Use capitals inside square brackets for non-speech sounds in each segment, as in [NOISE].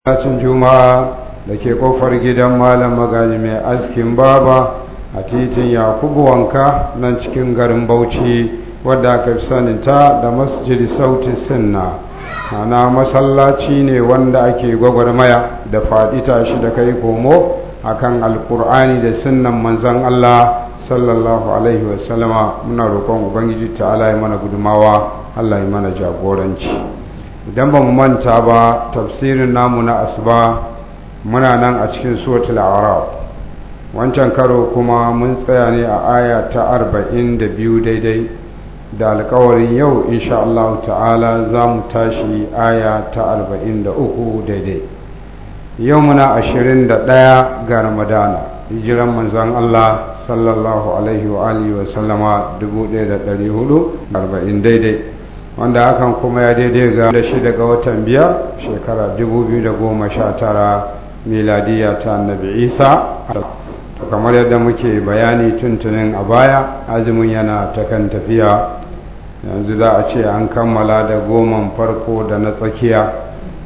Masallacin Juma'a da ke kofar gidan Malam Magaji mai askin baba a titin Yakubu Wanka nan cikin garin Bauchi wadda aka fi saninta da masjidi sautin sinna. Ana masallaci ne wanda ake gwagwarmaya da faɗi shi da kai komo a kan alkur'ani da sunnan manzan Allah sallallahu Alaihi wasallama muna roƙon Ubangiji ta'ala ya mana gudumawa Allah ya mana jagoranci. idan ba mu manta ba tafsirin namu na asuba muna nan a cikin suratul araf wancan karo kuma mun tsaya ne a aya ta arba'in da biyu daidai da alkawarin yau insha Allah ta'ala za mu tashi aya ta arba'in da uku daidai yau muna ashirin da ɗaya ga ramadana hijiran manzan Allah sallallahu alaihi wa wa sallama dubu daidai wanda hakan kuma ya daidai ga da shi daga watan biyar shekara 2019 miladiya ta annabi isa to kamar yadda muke bayani tuntunin a baya azumin yana ta kan tafiya yanzu za a ce an kammala da goman farko da na tsakiya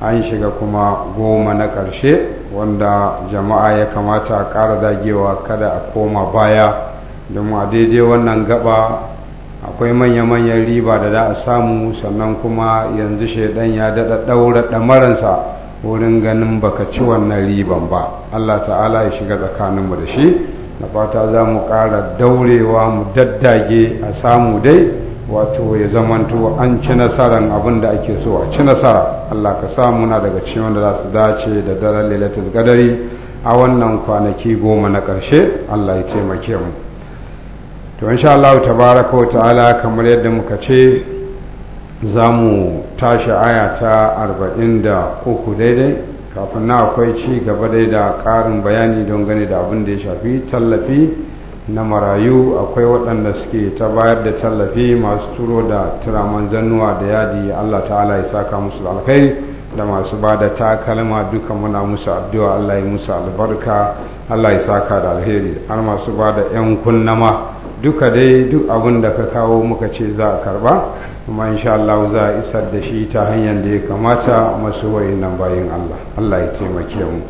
an shiga kuma goma na ƙarshe wanda jama'a ya kamata a ƙara dagewa kada a koma baya domin a daidai wannan gaba akwai manya-manyan riba da za a samu sannan kuma yanzu shaidan ya daɗa ɗaura ɗamaransa wurin ganin baka ci wannan riban ba Allah ta'ala ya shiga tsakaninmu da shi na fata za mu ƙara daurewa mu daddage a samu dai wato ya zamanto an ci nasarar abin da ake so a ci nasara Allah ka sa muna daga cikin wanda za su dace da daren lailatul qadari a wannan kwanaki goma na ƙarshe Allah ya taimake mu to insha Allah tabaraka wa ta'ala kamar yadda muka ce za mu tashi aya ta arba'in da uku daidai kafin na akwai ci gaba dai da ƙarin bayani don gani da abin da ya shafi tallafi na marayu akwai waɗanda suke ta bayar da tallafi masu turo da turaman zannuwa da yadi Allah ta'ala ya saka musu da alkhairi da masu ba da takalma duka muna musu addu'a Allah ya musu albarka Allah ya saka da alheri har masu ba da ‘yan kunnama duka dai duk abin da ka kawo muka ce za a karba kuma insha Allah za a isar da shi ta hanyar da ya kamata masu wayannan bayin Allah Allah ya taimake mu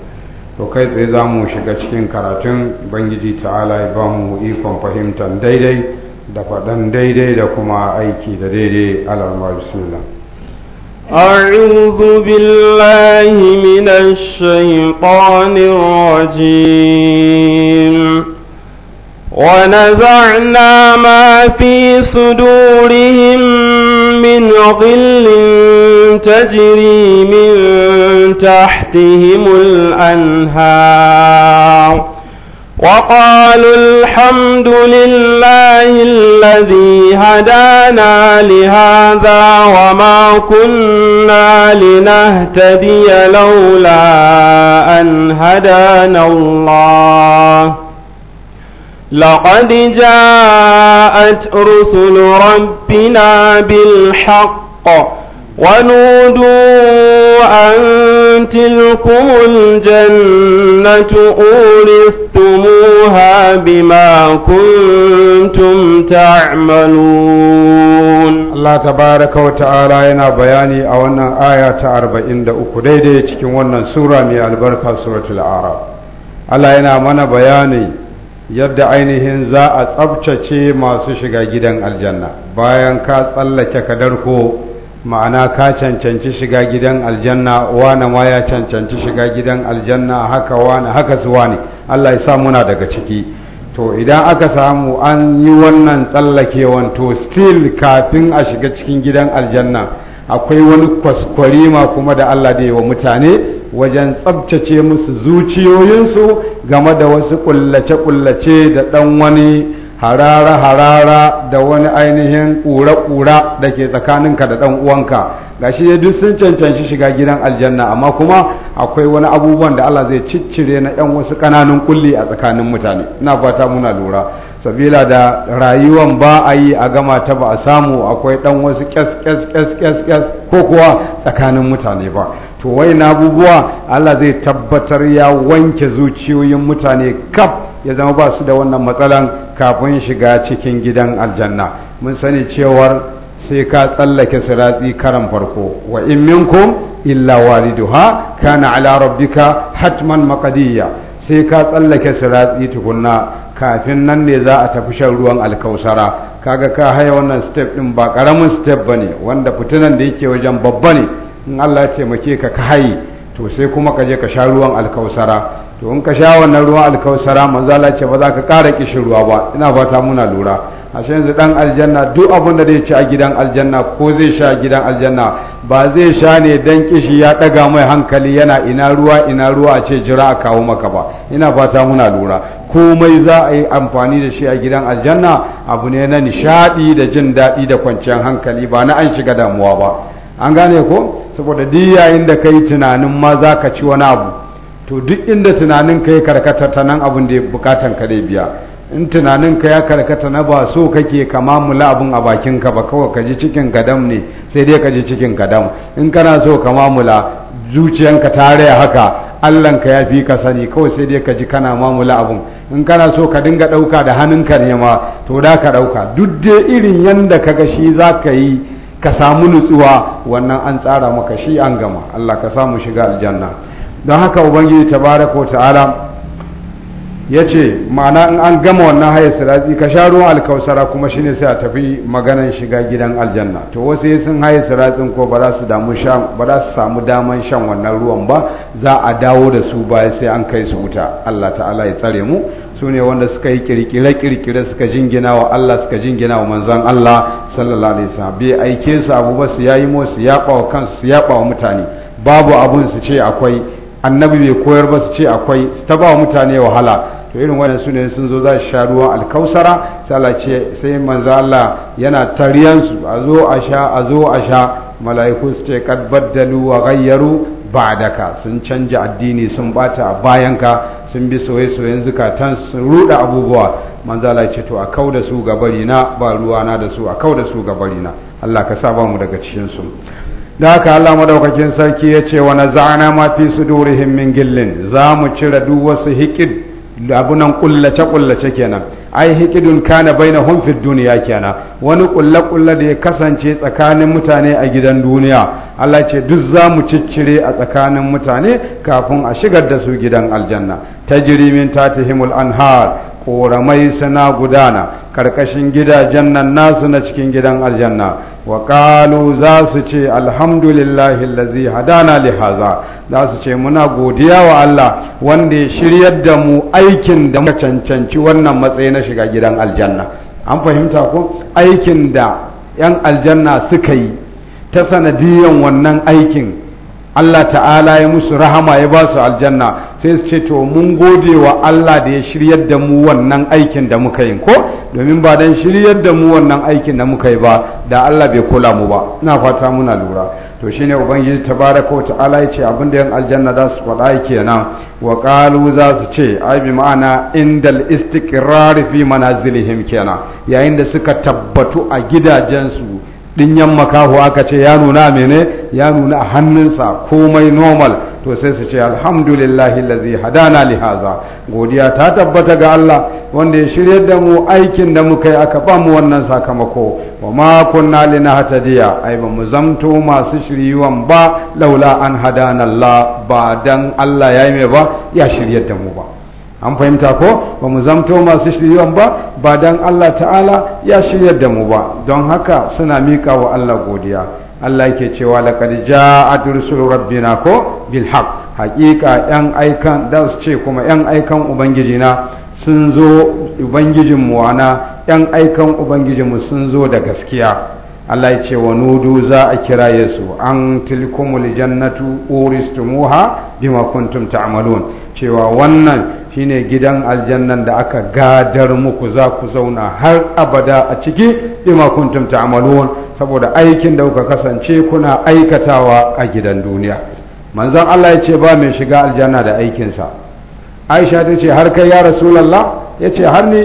to kai tsaye za mu shiga cikin karatun bangiji ta'ala ya ba mu ikon fahimtar daidai da faɗan daidai da kuma aiki da daidai alarma bismillah أعوذ بالله من الشيطان الرجيم ونزعنا ما في صدورهم من غل تجري من تحتهم الأنهار وقالوا الحمد لله الذي هدانا لهذا وما كنا لنهتدي لولا أن هدانا الله لقد جاءت رسل ربنا بالحق ونودوا أن تلكم الجنة أورثتموها بما كنتم تعملون الله تبارك وتعالى ينا بياني أو أن آية أربعين دقيقة ديدي تكون سورة من البركة سورة العرب الله ينا من بياني yadda ainihin za a tsabtace masu shiga gidan aljanna bayan ka tsallake kadarko ma'ana ka cancanci shiga gidan aljanna wane ma ya cancanci shiga gidan aljanna haka wane haka su wane Allah ya sa muna daga ciki to idan aka samu an yi wannan tsallakewan to still kafin a shiga cikin gidan aljanna akwai wani kwaskwarima kuma da Allah da yi wa mutane wajen tsabtace musu zuciyoyinsu game da wasu kullace-kullace da ɗan wani harara-harara da wani ainihin ƙura-ƙura da ke tsakaninka da ɗan uwanka shi ya duk sun cancanci shiga gidan aljanna amma kuma akwai wani abubuwan da Allah zai ciccire na ɗan wasu ƙananun kulli a tsakanin mutane ina fata muna lura sabila da rayuwan ba a yi a gama ta ba a samu akwai ɗan wasu ƙyas ƙyas ƙyas ƙyas ko kuwa tsakanin mutane ba to wai na abubuwa Allah zai tabbatar ya wanke zuciyoyin mutane kaf ya zama ba su da wannan matsalan kafin shiga cikin gidan aljanna mun sani cewar sai ka tsallake siratsi karan farko wa in minkum illa waliduha kana ala rabbika hatman maqdiya sai ka tsallake siratsi tukunna kafin nan ne za a tafi shan ruwan alkausara kaga ka haya wannan step din ba karamin step bane wanda fitinan da yake wajen babba ne in Allah ya taimake ka ka haye to sai kuma ka je ka sha ruwan alkausara to in ka sha wannan ruwan alkausara manzo Allah ce ba za ka ƙara kishin ruwa ba ina fata muna lura ashe yanzu dan aljanna duk abin da zai ci a gidan aljanna ko zai sha a gidan aljanna ba zai sha ne dan kishi ya daga mai hankali yana ina ruwa ina ruwa a ce jira a kawo maka ba ina fata muna lura komai za a yi amfani da shi a gidan aljanna abu ne na nishadi da jin daɗi da kwanciyar hankali ba na an shiga damuwa ba an gane ko saboda duk yayin da kai tunanin ma za ka ci wani abu to duk inda tunanin ka ya karkata ta nan abin da ya bukatan ka dai biya in tunanin ka ya karkata na ba so kake ka mamula abin a bakin ka ba kawai ka ji cikin gadam ne sai dai ka ji cikin gadam in kana so ka mamula zuciyanka ta raya haka allan ka ya fi ka sani kawai sai dai ka ji kana mamula abin in kana so ka dinga ɗauka da hannunka ne ma to da ka ɗauka duk dai irin yanda ka ga shi za ka yi ka samu nutsuwa wannan an tsara maka shi an gama Allah ka samu shiga aljanna don haka ubangiji tabaraka wa ta'ala ya ce ma'ana in an gama wannan hayar siratsi ka sha ruwan alkausara kuma shine sai a tafi maganan shiga gidan aljanna to wasu sun haye siratsin ko ba za su samu daman shan wannan ruwan ba za a dawo da su baya sai an kai su wuta Allah ta'ala ya tsare mu su ne wanda suka yi kirkire kirkire suka jingina wa Allah suka jingina wa manzon Allah sallallahu alaihi wasallam bai aike su abu ba su yayi kansu su yaba wa mutane babu abun su ce akwai annabi bai koyar ba su ce akwai su ta ba mutane wahala to irin wannan su ne sun zo za su sha ruwan alkausara sai ce sai manzo yana tariyan su a zo a sha a zo a sha mala'iku su ce kad baddalu wa ghayyaru ba'daka sun canja addini sun bata bayanka sun bi soye-soyen zukatan sun ruda abubuwa manzo ce to a kau da su gabarina ba ruwana da su a kau da su gabarina Allah ka sa ba mu daga cikin da haka Allah madaukakin sarki ya ce wa za'ana ma fi su sudurihim min gillin za mu cire duk wasu hikid abunan kullace kullace kenan ai hikidun kana na humfin duniya kenan wani kulle kulle da ya kasance tsakanin mutane a gidan duniya Allah ce duk za mu ciccire a tsakanin mutane kafin a shigar da su gidan aljanna ta ta ta himul anhar koramai suna gudana karkashin gidajen nan nasu na cikin gidan aljanna wa kalu za su ce alhamdulillahi lazi hadana li haza za su ce muna godiya wa Allah wanda ya shiryar da mu aikin da muka cancanci wannan matsayi na shiga gidan aljanna an fahimta ko aikin da yan aljanna suka yi ta sanadiyan wannan aikin Allah ta'ala ya musu rahama ya ba su aljanna sai su ce to mun gode wa Allah da ya shiryar da mu wannan aikin da muka yi ko domin ba dan shiryar da mu wannan aikin da muka yi ba da Allah bai kula mu ba ina fata muna lura to shine ubangiji tabaraka ta'ala ya ce abin da yan aljanna za su faɗa kenan wa qalu za su ce ai bi ma'ana indal istiqrar fi manazilihim kenan yayin da suka tabbatu a gidajensu yan makahu aka ce ya nuna mene ya nuna a hannunsa komai normal to sai su ce alhamdulillahi lazi hadana lihaza godiya ta tabbata ga Allah wanda ya shirye da mu aikin da muka yi aka ba mu wannan sakamako wa ma kunna linahtadiya ai ba mu zamto masu shiryuwan ba laula an hadana Allah ba dan Allah ya yi mai ba ya shirye da mu ba an fahimta ko ba mu zamto masu shiryan ba ba don Allah ta'ala ya shiryar da mu ba don haka suna miƙa wa Allah godiya Allah ke cewa laqad ja'at rusul rabbina ko bil haƙiƙa yan aikan da su ce kuma yan aikan ubangijina sun zo ubangijin mu ana yan aikan ubangijin sun zo da gaskiya Allah ya ce wa nudu za a kira Yesu an tilkumul jannatu uristumuha bima kuntum ta'malun cewa wannan shine gidan aljannan da aka gadar muku za ku zauna har abada a ciki bima kuntum ta'malun saboda aikin da kuka kasance kuna aikatawa a gidan duniya manzon Allah ya ce ba mai shiga aljanna da aikinsa Aisha ta ce har kai ya Rasulullah ya ce har ni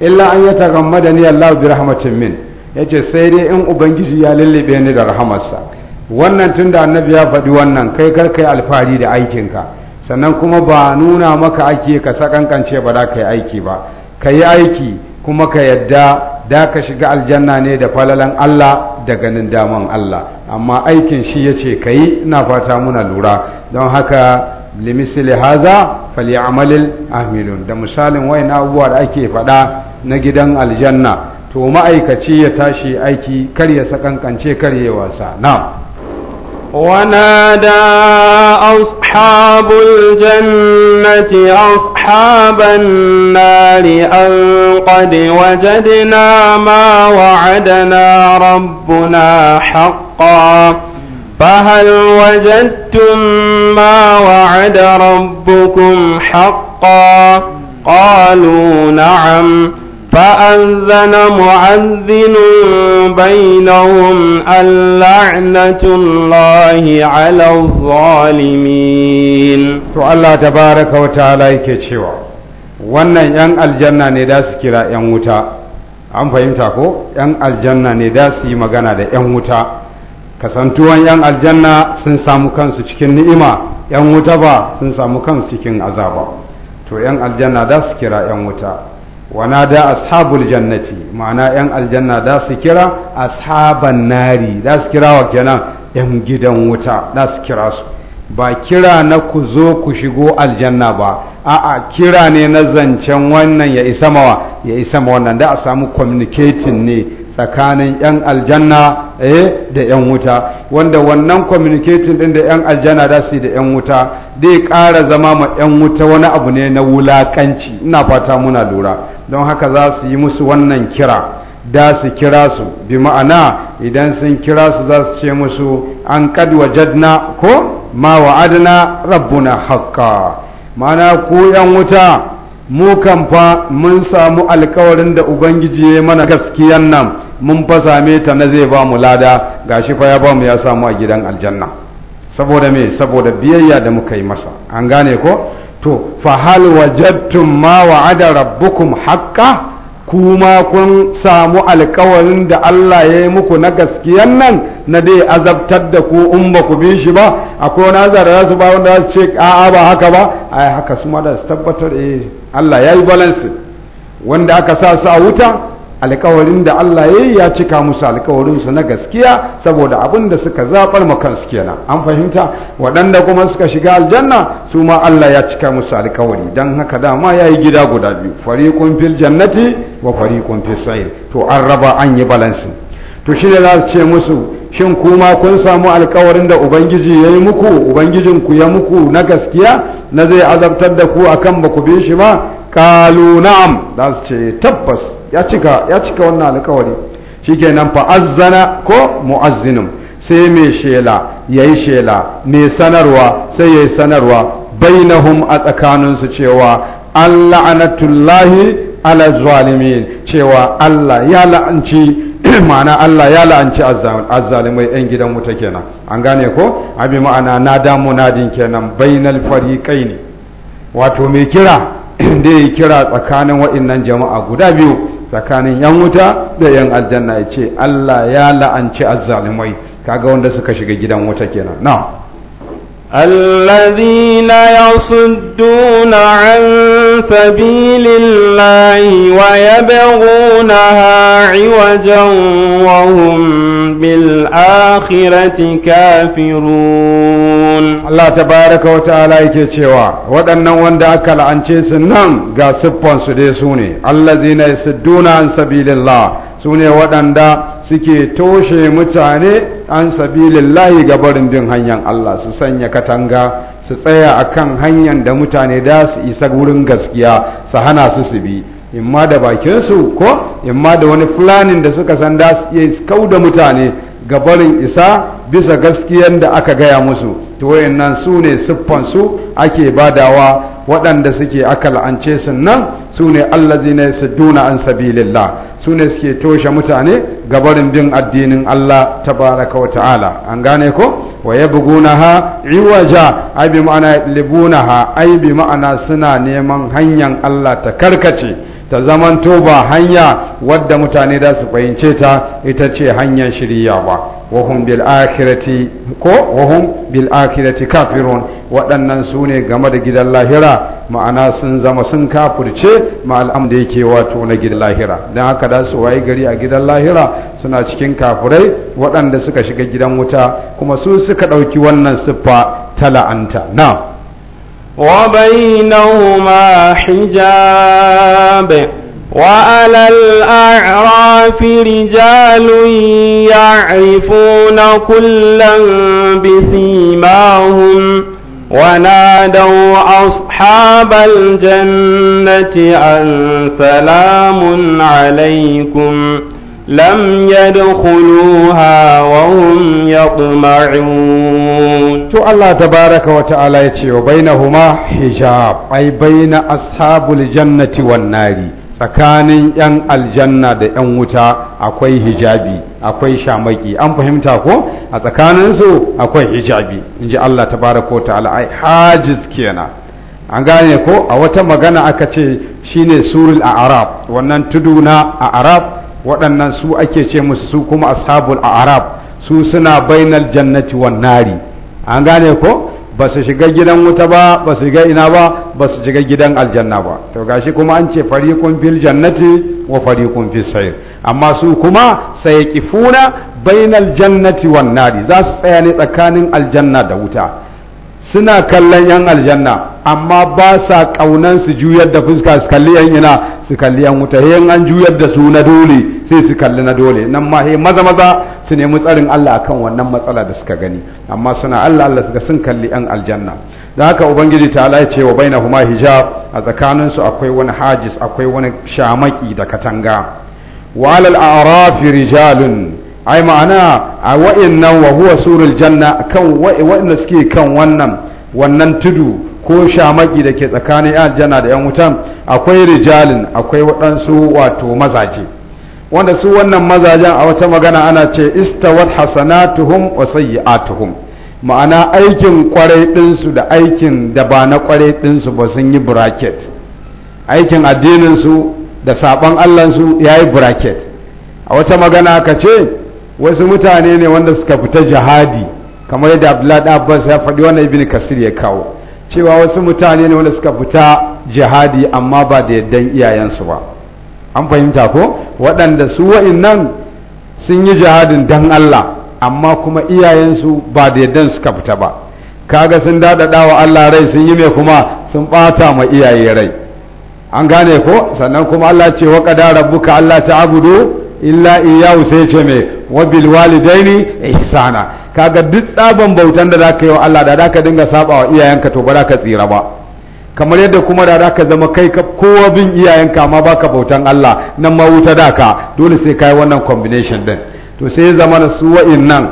illa an yataghammada ni Allah bi rahmatin min ya ce sai dai in ubangiji ya lullube ni da rahamarsa wannan tunda annabi ya faɗi wannan kai kar kai alfahari da aikinka sannan kuma ba nuna maka ake ka sakankance ba za ka yi aiki ba ka yi aiki kuma ka yadda da ka shiga aljanna ne da falalan Allah da ganin daman Allah amma aikin shi ya ce ka yi ina fata muna lura don haka limisili haza amalin ahmilun da misalin wayan abubuwa da ake faɗa na gidan aljanna to ma'aikaci ya tashi aiki kar ya sakankance kar ya wasa na'am ونادى أصحاب الجنة أصحاب النار أن قد وجدنا ما وعدنا ربنا حقا فهل وجدتم ما وعد ربكم حقا قالوا نعم فأذن معذن بينهم اللعنة الله على الظالمين تو الله تبارك وتعالى cewa wannan 'yan aljanna ne da su kira 'yan wuta an fahimta ko 'yan aljanna ne da su yi magana da 'yan wuta kasantuwan 'yan aljanna sun samu kansu cikin ni'ima 'yan wuta ba sun samu kansu cikin azaba to 'yan aljanna da su kira 'yan wuta wana da ashabul jannati ma'ana yan aljanna da su kira ashaban nari da su kira wa kenan yan gidan wuta da su kira su ba kira na ku zo ku shigo aljanna ba a'a kira ne na zancen wannan ya isa mawa ya isa ma wannan da a samu communicating ne tsakanin yan aljanna eh da yan wuta wanda wannan communicating din da yan aljana da su da yan wuta dai ƙara zama ma yan wuta wani abu ne na wulakanci ina fata muna lura don haka za su yi musu wannan kira da su kira su bi ma'ana idan sun kira su za su ce musu an kad wajadna ko ma wa'adna rabbuna hakka ma'ana ku yan wuta mu kan fa mun samu alkawarin da ubangiji ya mana gaskiyan nan mun fa same ta na zai ba mu lada gashi fa ya ba mu ya samu a gidan aljanna saboda me saboda biyayya da muka yi masa an gane ko to fa hal wajadtum ma wa'ada rabbukum haqqan kuma kun samu alkawarin da Allah ya yi muku na gaskiyan nan na dai azabtar da ku in ba ku bi shi ba akwai wani azara za su ba wanda za su ce a'a ba haka ba ai haka su ma da su tabbatar eh Allah ya yi balansi wanda aka sa su a wuta alkawarin da Allah ya yi ya cika musu alkawarinsu na gaskiya saboda abin da suka zaɓar makansu kenan an fahimta waɗanda kuma suka shiga aljanna su ma Allah ya cika musu alkawari don haka dama ya yi gida guda biyu fariƙun fil jannati wa fariƙun fil sa'ir to an raba an yi balansi to shi ne za su ce musu shin kuma kun samu alkawarin da ubangiji ya yi muku ubangijinku ya muku na gaskiya na zai azabtar da ku akan ba ku bi shi ba kalu na'am za su ce tabbas ya cika wannan alkawari ke fa fa'azzana ko mu'azzinin sai mai shela ya yi shela mai sanarwa sai ya yi sanarwa bai na hum a tsakaninsu cewa an la'anatullahi ala zalimin cewa Allah ya la'anci [COUGHS] ma'ana Allah ya la'anci azzalimai yan gidan wuta kenan an gane ko abi ma'ana na damu nadin kenan bainal ne wato mai kira [COUGHS] da ya kira tsakanin wa'annan jama'a guda biyu tsakanin yan wuta da yan aljanna ya ce Allah ya la'anci azzalimai kaga wanda suka shiga gidan wuta kenan na'am الذين يصدون عن سبيل الله ويبغونها عوجا وهم بالآخرة كافرون الله تبارك وتعالى يكتشوا ودنا وندا أكل عن شيء نعم قاسبون سديسوني الذين يصدون عن سبيل الله سوني ودنا suke toshe mutane an sabilillahi ga barin bin hanyar Allah su sanya katanga su tsaya a kan hanyar da mutane da su isa wurin gaskiya su hana su su bi imma da bakinsu ko imma da wani fulanin da suka san da su iya kau da mutane ga isa bisa gaskiyar da aka gaya musu to wayannan su ne siffansu ake badawa waɗanda suke aka la'ance su nan su ne su duna an sabilillah su ne suke toshe mutane gabarin bin addinin Allah Ta wa ta'ala an gane ko wa ha iwaja ai bi ma'ana na ai bi ma'ana suna neman hanyar Allah ta karkace ta zamanto ba hanya wadda mutane da su fahimce ta ita ce hanyar shirya ba wahum bil akhirati ko wahum bil kafirun waɗannan sune ne game da gidan lahira ma'ana sun zama sun kafirce ma al'am da yake wato na gidan lahira don haka da su waye gari a gidan lahira suna cikin kafirai waɗanda suka shiga gidan wuta kuma su suka ɗauki wannan siffa ta la'anta na wa bainahuma hijab وعلى الأعراف رجال يعرفون كلا بسيماهم ونادوا أصحاب الجنة أن سلام عليكم لم يدخلوها وهم يطمعون تو الله تبارك وتعالى يتي وبينهما حجاب أي بين أصحاب الجنة والنار tsakanin 'yan aljanna da 'yan wuta akwai hijabi akwai shamaki an fahimta ko a tsakanin su akwai hijabi in ji Allah ta bara ko ta ala'ai hajjiz kenan an gane ko a wata magana aka ce shine surul arab wannan tudu na arab waɗannan su ake ce musu su kuma ashabul arab su suna bainal jannati wan nari an gane ko ba su shiga gidan wuta ba ba su shiga ina ba ba su shiga gidan aljanna ba to gashi kuma an ce fariqun fil jannati wa fariqun fis sayr amma su kuma sayqifuna bainal jannati wan nari za su tsaya ne tsakanin aljanna da wuta suna kallon yan aljanna amma ba sa ƙaunan su juyar da fuska su kalli yan ina su kalli yan wuta yan an juyar da su na dole sai su kalli na dole nan ma he maza maza su nemi tsarin Allah akan wannan matsala da suka gani amma suna Allah Allah suka sun kalli yan aljanna da haka ubangiji ta ya ce wa bainahuma hijab a tsakanin su akwai wani hajis akwai wani shamaki da katanga wa a'rafi rijalun ai ma'ana a wa'annan wa huwa surul janna kan da suke kan wannan wannan tudu ko shamaki da ke tsakanin yan janna da yan wutan akwai rijalin akwai waɗansu wato mazaje wanda su wannan mazajen a wata magana ana ce istawat hasanatuhum wa sayyi'atuhum ma'ana aikin kwarai ɗinsu da aikin da ba na kwarai ɗinsu ba sun yi bracket aikin addininsu da sabon allansu ya yi bracket a wata magana ka ce wasu mutane ne wanda suka fita jihadi kamar yadda abdullahi abbas ya faɗi wannan ibn kasir ya kawo cewa wasu mutane ne wanda suka fita jihadi amma ba da yaddan iyayensu ba an fahimta ko waɗanda su wa'innan sun yi jihadin dan Allah amma kuma iyayensu ba da yaddan suka fita ba kaga sun daɗaɗa wa Allah rai sun yi mai kuma sun ɓata ma iyaye rai an gane ko sannan kuma Allah ce wa qadara buka Allah ta abudu illa iyahu sai ce me wa bil walidaini ihsana kaga duk tsaban bautan da zaka yi wa Allah da zaka dinga saba wa iyayenka to ba ka tsira ba kamar yadda kuma da zaka zama kai ka kowa bin iyayenka amma baka bautan Allah nan ma wuta daka dole sai kai wannan combination din to sai zama na su wa'innan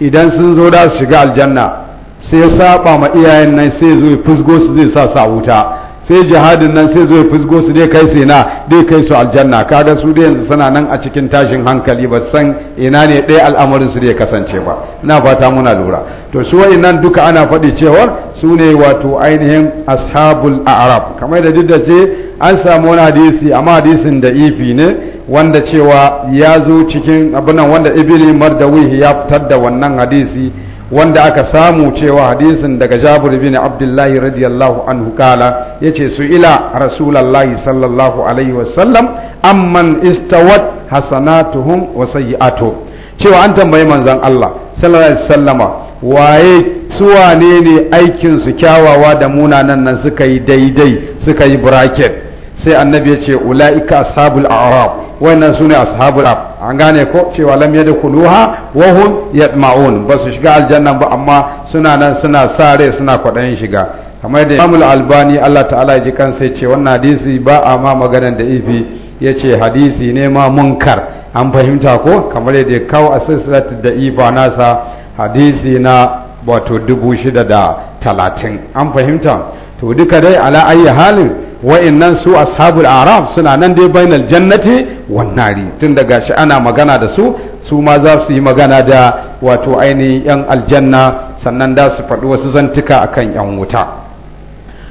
idan sun zo da su shiga aljanna sai saba ma iyayen nan sai zo ya fusgo su zai sa sa wuta sai jihadin nan sai zai fusgo su dai kai su ina dai kai su aljanna kaga su dai yanzu suna nan a cikin tashin hankali ba san ina ne ɗaya al'amarin su dai kasance ba ina fata muna lura to su nan duka ana faɗi cewar su ne wato ainihin ashabul a'rab kamar da duk ce an samu wani hadisi amma hadisin da ifi ne wanda cewa ya zo cikin abinan wanda ibili mardawihi ya fitar da wannan hadisi wanda aka samu cewa hadisin daga jabir bin abdullahi radiyallahu anhu kala yace su ila rasulullahi sallallahu alaihi wasallam amman istawat hasanatuhum wa sayyi'atuhum cewa an tambayi manzon Allah sallallahu alaihi wasallama waye suwane ne aikin su kyawawa da munanan nan suka yi daidai suka yi bracket sai annabi yace ulaika ashabul a'rab wannan su ne ashabul an gane ko cewa lam yadkhuluha wa hum yatma'un ba su shiga aljanna ba amma suna nan suna sa rai suna kwaɗayin shiga kamar da Imam albani Allah ta'ala ya ji kansa ya ce wannan hadisi ba a ma maganan da ifi ya ce hadisi ne ma munkar an fahimta ko kamar yadda ya kawo a silsilatu da ifa nasa hadisi na wato dubu shida da talatin an fahimta to duka dai ala ayi halin wa'annan su ashabul araf suna nan dai bainal jannati wan nari tun daga shi ana magana da su su ma za su yi magana da wato ainihin yan aljanna sannan da su faɗi wasu zantuka akan yan wuta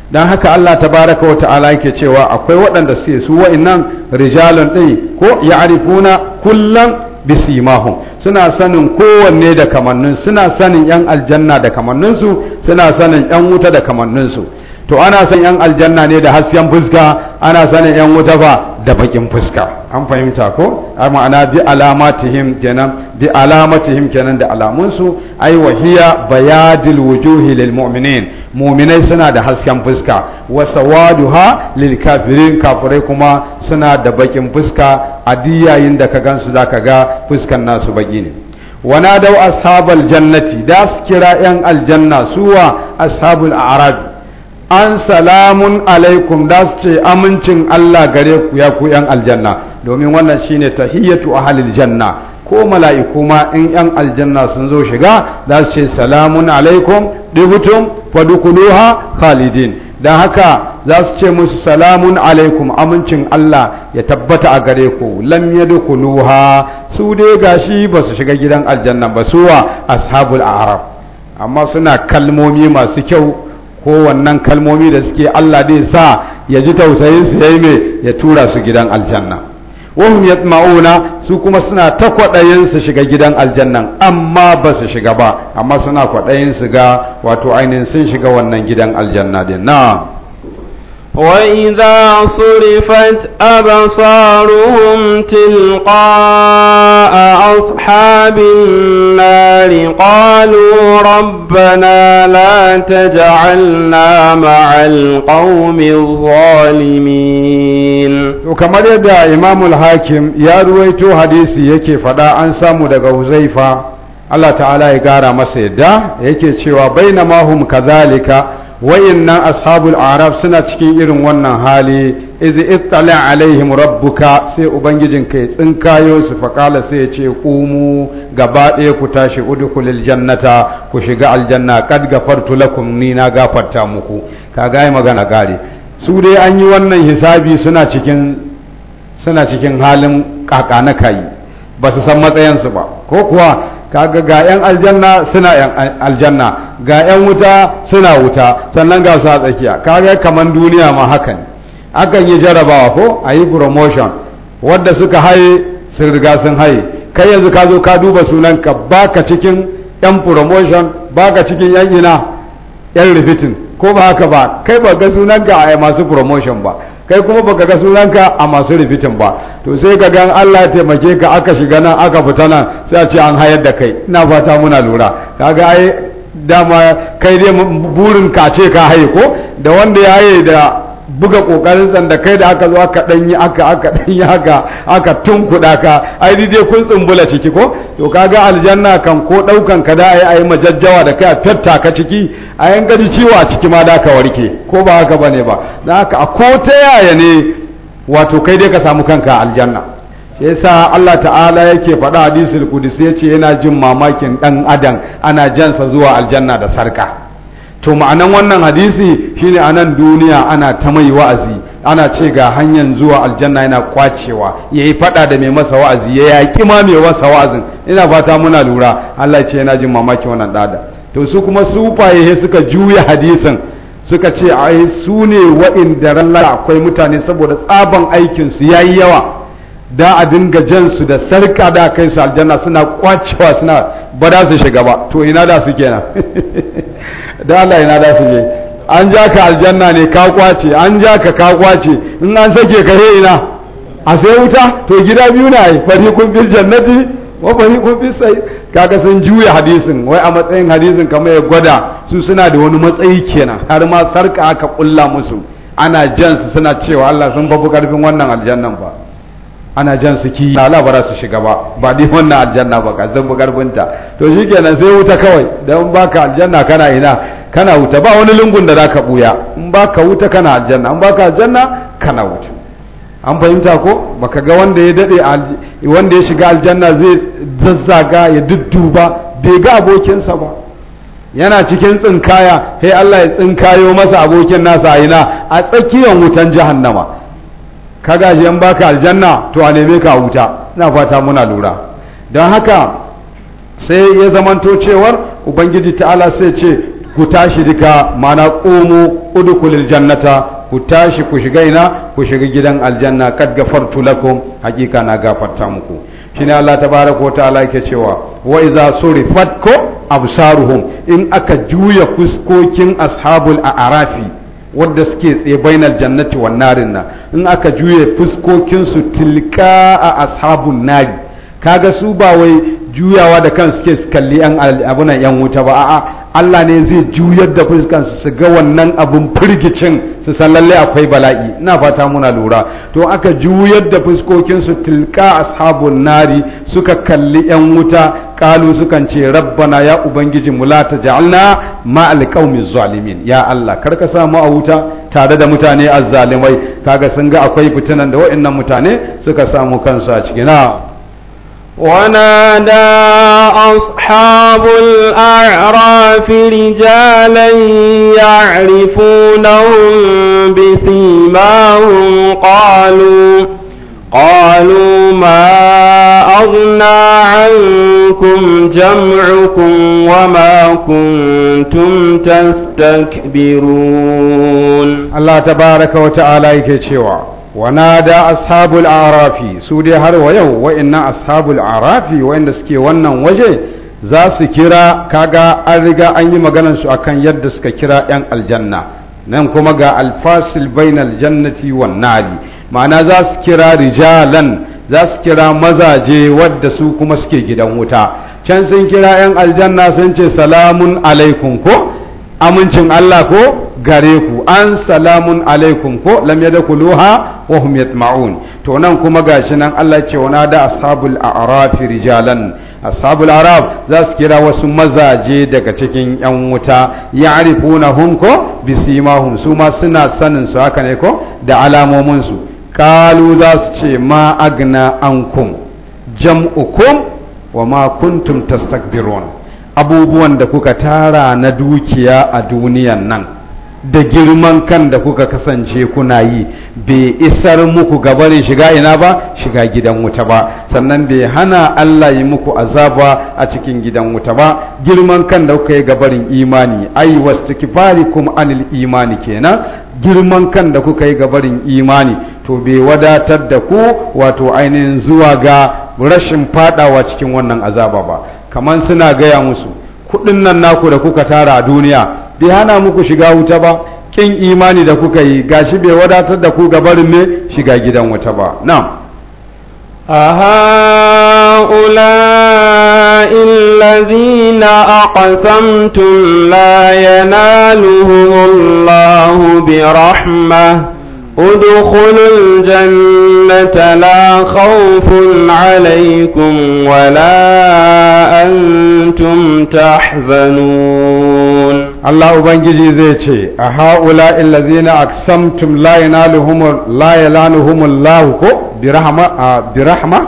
dan haka Allah tabaaraka wa ta'ala yake cewa akwai waɗanda su su wa'annan rijalun din ko ya'rifuna kullan bisimahum suna sanin kowanne da kamannin suna sanin yan aljanna da kamanninsu suna sanin yan wuta da kamanninsu to ana son yan aljanna ne da hasken fuska ana sanin yan wuta ba da bakin fuska an fahimta ko ai ma'ana bi alamatihim kenan bi alamatihim kenan da alamunsu ai wahiya bayadil wujuhi lil mu'minin mu'minai suna da hasken fuska wa sawaduha lil kafirin kafirai kuma suna da bakin fuska a diyayin da ka gansu zaka ga fuskan nasu baki ne wana dau ashabal jannati da su kira yan aljanna suwa ashabul arabi an salamun alaikum da su ce amincin Allah gare ku ya ku yan aljanna domin wannan shine tahiyyatu ahlil janna ko mala'iku ma in yan aljanna sun zo shiga da su ce salamun alaikum dibutum fadukuluha khalidin da haka za su ce musu salamun alaikum amincin Allah ya tabbata a gare ku lam yadkhuluha su dai gashi ba su shiga gidan aljanna ba suwa ashabul arab amma suna kalmomi masu kyau kowannan kalmomi da suke Allah zai sa ya ji tausayin su yi mai ya tura su gidan aljanna wahum ma'una su kuma suna ta kwaɗayin su shiga gidan aljanna amma ba su shiga ba amma suna kwaɗayin su ga wato ainihin sun shiga wannan gidan aljanna din na'am وإذا صرفت أبصارهم تلقاء أصحاب النار قالوا ربنا لا تجعلنا مع القوم الظالمين وكما يدعى إمام الحاكم يا رويتو حديثي يكي فدا أنسام دقو زيفا الله تعالى يقارى مسيدا يكي تشوى بينما هم كذلك nan ashabul arab suna cikin irin wannan hali iz ittala alaihim rabbuka sai ubangijin kai tsinkayo su faqala sai ya ce qumu gaba ɗaya ku tashi udkhulil jannata ku shiga aljanna kad gafartu lakum ni na gafarta muku kaga yi magana gare su dai an yi wannan hisabi suna cikin suna cikin halin kaka na kai ba su san matsayinsu ba ko kuwa kaga ga yan aljanna suna yan aljanna ga yan wuta suna wuta sannan ga su a tsakiya kaga kaman duniya ma haka ne akan yi jarabawa ko a yi promotion wadda suka haye sun riga sun haye kai yanzu ka zo ka duba sunanka baka cikin yan promotion baka cikin yan ina yan rifitin ko ba haka ba kai ba ga sunan a masu promotion ba kai kuma baka ga sunanka a masu rifitin ba to sai ka gan Allah ya taimake ka aka shiga nan aka fita nan sai a ce an hayar da kai ina fata muna lura kaga ai dama kai dai burin ka ce ka haye ko da wanda ya haye da buga kokarin da kai da aka zo aka yi aka aka yi aka aka tunkuda ka ai dai kun tsumbula ciki ko to kaga aljanna kan ko daukan ka da ai ai majajjawa da kai a fetta ka ciki a yan gadi ciwo a ciki ma da ka warke ko ba haka bane ba dan haka a ko ta yaya ne wato kai dai ka samu kanka aljanna shi yasa Allah ta'ala yake faɗa hadisul qudsi yace yana jin mamakin dan adam ana jansa zuwa aljanna da sarka to ma'anan wannan hadisi shine a nan duniya ana ta mai wa'azi ana ce ga hanyar zuwa aljanna yana kwacewa ya yi faɗa da mai masa wa'azi ya yaƙi ma mai masa wa'azin ina fata muna lura Allah ce yana jin mamaki wannan dada to su kuma sufaye suka juya hadisin suka ce ai su ne waɗanda ran akwai mutane saboda tsaban aikinsu ya yi yawa da a dinga jan su da sarka da kai su aljanna suna kwacewa suna ba da su shiga ba to ina da su kenan [LAUGHS] da Allah ina da su ne an ja ka aljanna ne ka kwace an ja ka ka kwace in an sake he ina a sai wuta to gida biyu na yi kun fi jannati wa kun fi sai kaga sun juya hadisin wai a matsayin hadisin kamar ya gwada su suna da wani matsayi kenan har ma sarka aka kulla musu ana jan su suna cewa Allah sun babu karfin wannan aljannan ba ana jan su ki ala ba su shiga ba ba dai wannan aljanna ba ka san bugarbinta to shikenan sai wuta kawai dan baka aljanna kana ina kana wuta ba wani lungun da zaka buya in baka wuta kana aljanna in baka aljanna kana wuta an fahimta ko baka ga wanda ya dade wanda ya shiga aljanna zai zazzaga ya dudduba bai ga abokinsa ba yana cikin tsinkaya sai Allah ya tsinkayo masa abokin nasa a ina a tsakiyar wutan jahannama ka gaji yan baka aljanna to a neme ka a wuta na fata muna lura don haka sai ya zamanto cewar ubangiji ta'ala sai ce ku tashi duka mana komo udukulil jannata ku tashi ku shiga ina ku shiga gidan aljanna kad gafartu lakum hakika na gafarta muku shine Allah tabaraka wa ta'ala yake cewa wa iza surifat ko absaruhum in aka juya fuskokin ashabul a'rafi wadda suke tsaye bainar jannati wa narin nan in aka juye fuskokinsu tilka a ashabun nari kaga su ba wai juyawa da kan suke kalli yan abunan yan wuta ba a'a Allah ne zai juyar da fuskansu su ga wannan abin firgicin su san lalle akwai bala'i ina fata muna lura to aka juyar da fuskokinsu tilka ashabun nari suka kalli yan wuta kalu sukan ce rabbana ya ubangiji mu ta ja'alna ma alqaumi zalimin ya Allah kar ka sa mu a wuta tare da mutane azzalimai kaga sun ga akwai fitinan da wa'annan mutane suka samu kansu a cikin ونادى أصحاب الأعراف رجالا يعرفونهم بسيماهم قالوا قالوا ما أغنى عنكم جمعكم وما كنتم تستكبرون الله تبارك وتعالى يكتشوا ونادى أصحاب الأعراف سودي wa ويو وإن أصحاب الأعراف وإن suke wannan waje za su kira kaga an riga an yi maganarsu su akan yadda suka kira 'yan aljanna nan kuma ga alfasil bainal jannati wan nari ma'ana za su kira rijalan za su kira mazaje wadda su kuma suke gidan wuta can sun kira 'yan aljanna sun ce salamun alaikum ko amincin Allah ko gare ku an salamun alaikum ko lam yadkhuluha wa hum yatma'un to nan kuma gashi nan Allah ce wa da ashabul a'raf rijalan ashabul a'raf za su kira wasu mazaje daga cikin yan wuta hum ko bisimahum su ma suna sanin su haka ne ko da alamomin su kalu za su ce ma agna ankum jam'ukum wa ma kuntum tastakbirun abubuwan da kuka tara na dukiya a duniyan nan da girman kan da kuka kasance kuna yi bai isar muku gabarin shiga ina ba shiga gidan wuta ba sannan bai hana Allah yi muku azaba a cikin gidan wuta ba girman kan da kuka yi gabarin imani ai wastikbarikum anil imani kenan girman kan da kuka yi gabarin imani to bai wadatar da ku wato ainihin zuwa ga rashin fadawa cikin wannan azaba ba kamar suna gaya musu kuɗin nan naku da kuka tara a duniya bai hana muku shiga wuta ba kin imani da kuka yi gashi bai wadatar da ku ga barin ne shiga gidan wuta ba na'am أهؤلاء الذين أقسمتم لا ينالهم الله برحمة ادخلوا الجنة لا خوف عليكم ولا أنتم تحزنون الله أبنجي زيتي أهؤلاء الذين أقسمتم لا ينالهم لا يلانهم الله برحمة برحمة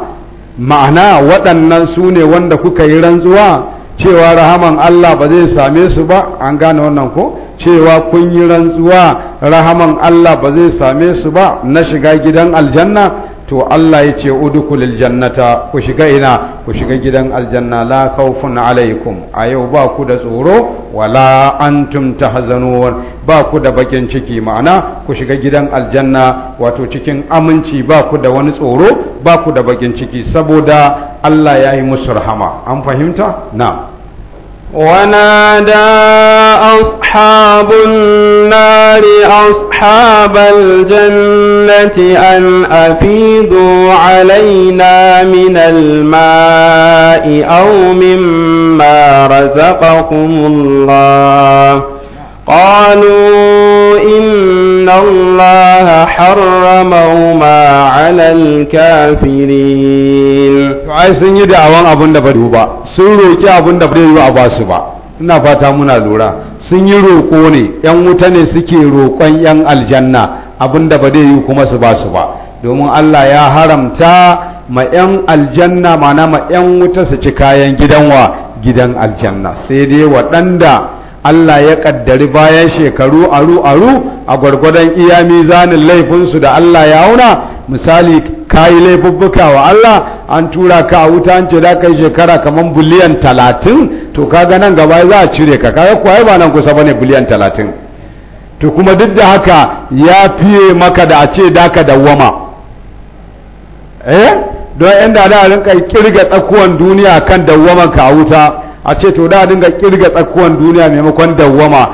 ma'ana waɗannan su ne wanda kuka yi rantsuwa cewa rahaman Allah ba zai same su ba an gane wannan ko cewa kun yi rantsuwa rahaman Allah ba zai same su ba na shiga gidan aljanna to Allah ya ce udukulil jannata ku shiga ina ku shiga gidan aljanna la khawfun alaikum a yau ba ku da tsoro wala antum tahzanun ba ku da bakin ciki ma'ana ku shiga gidan aljanna wato cikin aminci ba ku da wani tsoro ba ku da bakin ciki saboda Allah ya yi musu rahama an fahimta na'am ونادى أصحاب النار أصحاب الجنة أن أفيدوا علينا من الماء أو مما رزقكم الله قالوا إن الله حرمهما على الكافرين ai sun yi da'awan abin da bari ba sun roƙi abin da اباسو ba ba ina fata muna lura sun yi roƙo ne yan wuta ne suke roƙon yan aljanna abin da ba yi kuma su ba su ba domin Allah ya haramta ma yan aljanna mana ma yan wuta su ci kayan gidanwa gidan aljanna sai dai waɗanda Allah ya kaddari bayan shekaru aru aru a gwargwadon iyami zanin laifinsu da Allah ya auna misali ka yi laifuffuka wa Allah an tura ka a wuta an ce da kai shekara kamar biliyan talatin to ka ga nan gaba za a cire ka kaga kwaye ba nan kusa bane biliyan talatin to kuma duk da haka ya fiye maka da a ce da dawwama eh don inda da rinka kirga tsakuwan duniya kan dawwamanka a wuta a ce to da dinga kirga tsakuwan duniya maimakon dawwama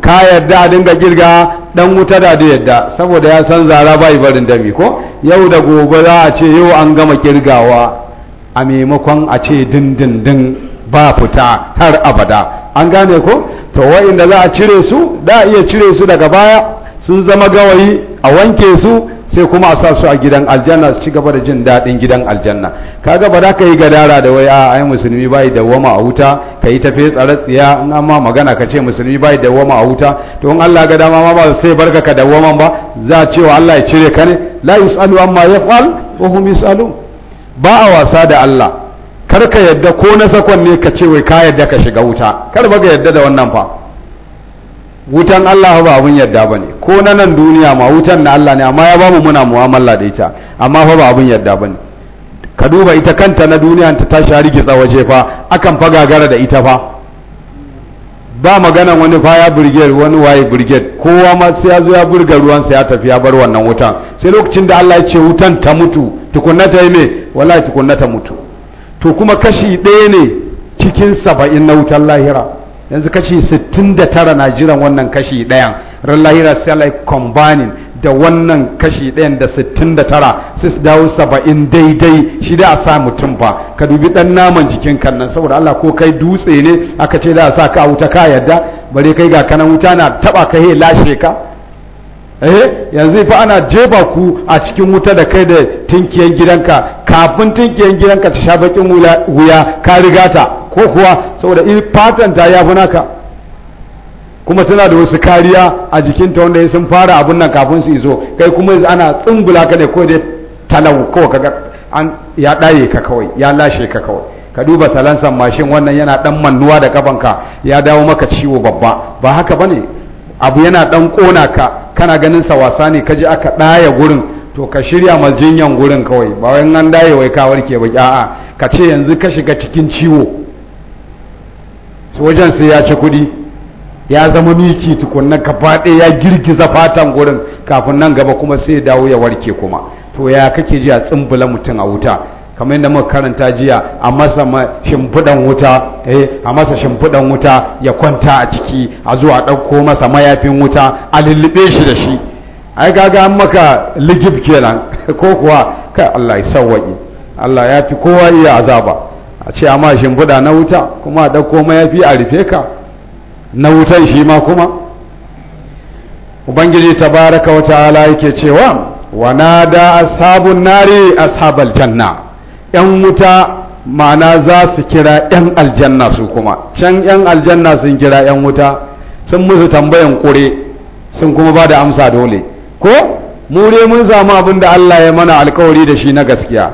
ka yarda a dinga kirga dan wuta da da yadda saboda ya san zara bai barin dami ko yau da gobe za a ce yau an gama kirgawa a maimakon a ce dindindin ba fita har abada an gane ko to wa'inda za a cire su da iya cire su daga baya sun zama gawayi a wanke su sai kuma a sa su a gidan aljanna su ci gaba da jin daɗin gidan aljanna kaga ba za ka yi gadara da wai a ai musulmi bai wama a wuta ka yi tafiye tsare tsiya in ma magana ka ce musulmi bai wama a wuta to in Allah ga dama ma ba sai barka ka dawwaman ba za a ce wa Allah ya cire ka ne la yusalu amma yaf'al wa hum yusalu ba a wasa da Allah kar ka yadda ko na sakon ne ka ce wai ka yadda ka shiga wuta kar ba ka yadda da wannan fa wutan Allah ba abun yadda ba ne ko na nan duniya ma wutan na Allah ne amma ya bamu muna mu'amala da ita amma fa ba abun yadda ba ne ka duba ita kanta na duniya ta tashi har ki waje fa akan fa gagara da ita fa ba magana wani ya burge wani waye burge kowa ma sai ya zo ya burga ruwan sa ya tafi ya bar wannan wutan sai lokacin da Allah ya ce wutan ta mutu tukunna ta yi me wallahi tukunna ta mutu to kuma kashi ɗaya ne cikin saba'in na wutan lahira yanzu kashi 69 na jiran wannan kashi ɗayan rallahi lahira sai combining da wannan kashi ɗayan da 69 sai su dawo 70 daidai shi da a sa mutum ba ka dubi ɗan naman jikin kan nan saboda Allah ko kai dutse ne aka ce da a sa ka wuta ka yadda bare kai ga kanan wuta na taba ka he lashe ka eh yanzu fa ana jeba ku a cikin wuta da kai da tinkiyen gidanka kafin tinkiyen gidanka ta sha bakin wuya ka rigata ko kuwa saboda in fatan ya fi naka kuma tana da wasu kariya a jikinta wanda sun fara abun nan kafin su iso kai kuma yanzu ana tsumbula ka ne ko dai talau kawai kaga an ya ɗaye ka kawai ya lashe ka kawai ka duba salansan mashin wannan yana dan mannuwa da kafanka ya dawo maka ciwo babba ba haka bane abu yana dan kona ka kana ganin sa wasa ne kaji aka daya gurin to ka shirya majinyan gurin kawai ba wai an daye wai ka warke ba a'a ka ce yanzu ka shiga cikin ciwo wajen sai ya ci kuɗi ya zama miki tukunna faɗe ya girgiza fatan gurin kafin nan gaba kuma sai ya dawo ya warke kuma to ya kake ji a tsumbula mutum a wuta kamar yadda muka karanta jiya a masa shimfiɗan wuta eh a masa shimfiɗan wuta ya kwanta a ciki a zo a ɗauko masa mayafin wuta a lullube shi da shi ai gaga an maka ligib kenan [LAUGHS] ko kuwa kai Allah ya sawwaƙi Allah ya fi kowa iya azaba a ce amma shimfiɗa na wuta kuma a ɗauko mayafi a rufe ka na wutan shi ma kuma ubangiji tabaraka wa ta'ala yake cewa wa nada ashabun nari ashabal janna yan wuta ma'ana za su kira yan aljanna su kuma can yan aljanna sun kira yan wuta sun musu tambayan kure sun kuma ba da amsa dole ko mu dai mun samu abin da Allah ya mana alkawari da shi na gaskiya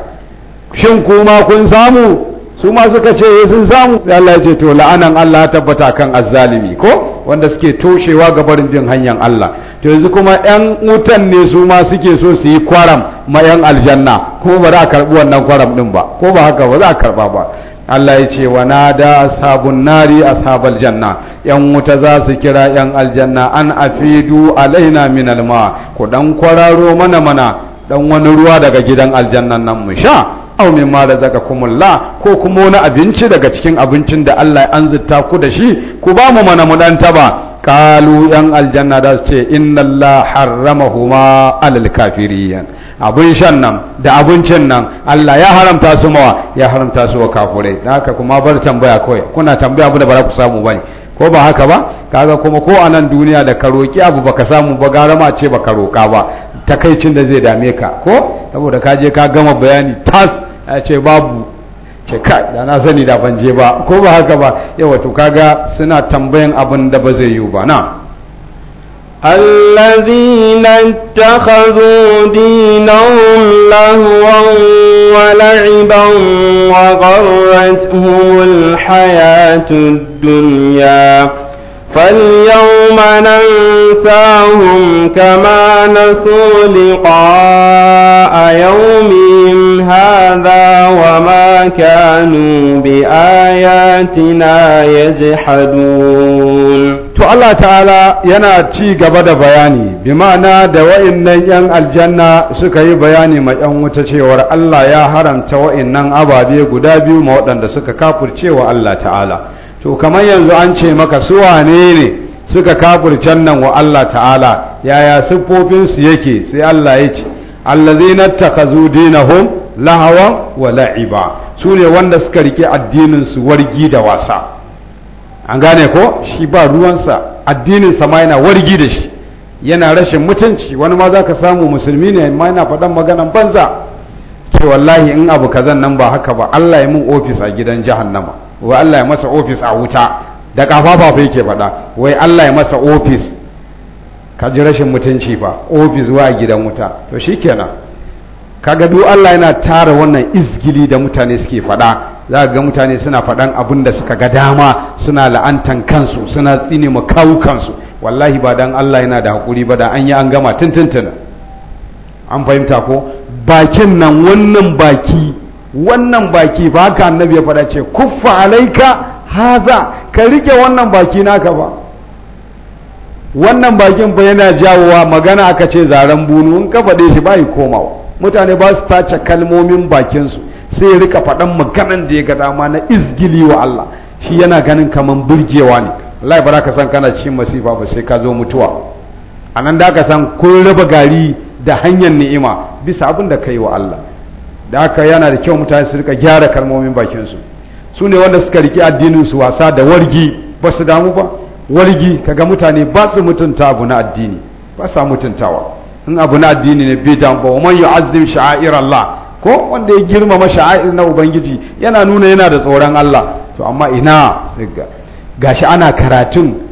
shin kuma kun samu su ma suka ce eh, sun samu sai Allah ya ce to la'anan Allah tabbata kan azzalimi ko wanda suke toshewa ga barin bin hanyar Allah to yanzu kuma yan wutan ne su ma suke so su yi kwaram ma yan aljanna ko ba za a karbi wannan kwaram din ba ko ba haka ba za a karba ba Allah ya ce wa nada ashabun nari ashabal janna yan wuta za su kira yan aljanna an afidu alaina min alma ku dan kwararo mana mana dan wani ruwa daga gidan aljannan nan mu sha aw mimma razaqakumullah ko kuma wani abinci daga cikin abincin da Allah ya anzurta ku da shi ku ba mu mana mu dan taba kalu yan aljanna da ce inna Allah harramahuma alal kafiriyan abun shan nan da abincin nan Allah ya haramta su mawa ya haramta su wa kafirai da haka kuma bar tambaya kawai kuna tambaya abu da ba ku samu bane ko ba haka ba kaga kuma ko a nan duniya da ka roki abu baka samu ba garama ce baka roka ba takaicin da zai dame ka ko saboda ka je ka gama bayani tas ya ce babu ce kai da na zani da ban je ba ko ba haka ba Yau wato kaga suna tambayan abin da ba zai yiwu ba na الذين اتخذوا دينهم لهوا ولعبا وغرتهم الحياة الدنيا فاليوم ننساهم كما نسوا لقاء يومهم هذا وما كانوا بآياتنا يجحدون to Allah ta'ala yana ci gaba da bayani bimana da wa'innan 'yan aljanna suka yi bayani ma 'yan wuta cewar Allah ya haramta wa'innan ababe guda biyu ma waɗanda suka kafurcewa Allah ta'ala to kamar yanzu an ce maka su wane ne suka kafircen nan wa Allah ta'ala yaya siffofinsu yake sai Allah ya ce allazina takazu dinahum lahawan wa la'iba su ne wanda suka rike addinin su wargi da wasa an gane ko shi ba ruwansa addinin sa ma yana wargi da shi yana rashin mutunci wani ma zaka samu musulmi ne ma yana faɗan maganan banza to wallahi in abu kazan nan ba haka ba Allah ya mun ofis a gidan jahannama wa Allah ya masa ofis a wuta da kafafa fa yake faɗa wai Allah ya masa ofis ka ji rashin mutunci fa ofis wa gidan wuta to shikenan kaga duk Allah yana tara wannan izgili da mutane suke faɗa za ga mutane suna faɗan abin da suka ga dama suna la'antan kansu suna tsine ma kawukansu wallahi ba dan Allah yana da hakuri ba da an yi an gama tintintin an fahimta ko bakin nan wannan baki wannan baki ba ka annabi ya faɗa ce kuffa alaika haza ka rike wannan baki naka ba wannan bakin ba yana jawowa magana aka ce zaren bunu in ka faɗe shi ba yi komawa mutane ba su tace kalmomin bakinsu sai ya rika faɗan maganan da ya ga dama na izgili wa Allah shi yana ganin kaman burgewa ne Allah ya baraka san kana cikin masifa ba sai ka zo mutuwa a da ka san kun raba gari da hanyar ni'ima bisa abin da ka wa Allah da haka yana da kyau mutane su rika gyara kalmomin bakinsu su ne wanda suka rike addininsu wasa da wargi ba su damu ba wargi kaga mutane ba su mutunta abu na addini ba sa mutuntawa in abu na addini ne bai damu ba wa man yu'azzim sha'air Allah ko wanda ya girmama sha'air na ubangiji yana nuna yana da tsoron Allah to amma ina sai gashi ana karatun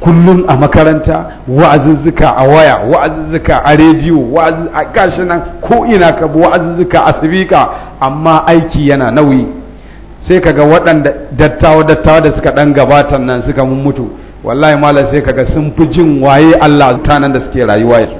kullum a makaranta wa'azuzzuka a waya wa'azuzzuka a rediyo a gashi nan ko ina ka bi wa'azuzzuka a amma aiki yana nauyi sai kaga waɗanda dattawa dattawa da suka ɗan gabatan nan suka mun mutu wallahi malam sai kaga sun fi jin waye Allah tanan da suke rayuwa yanzu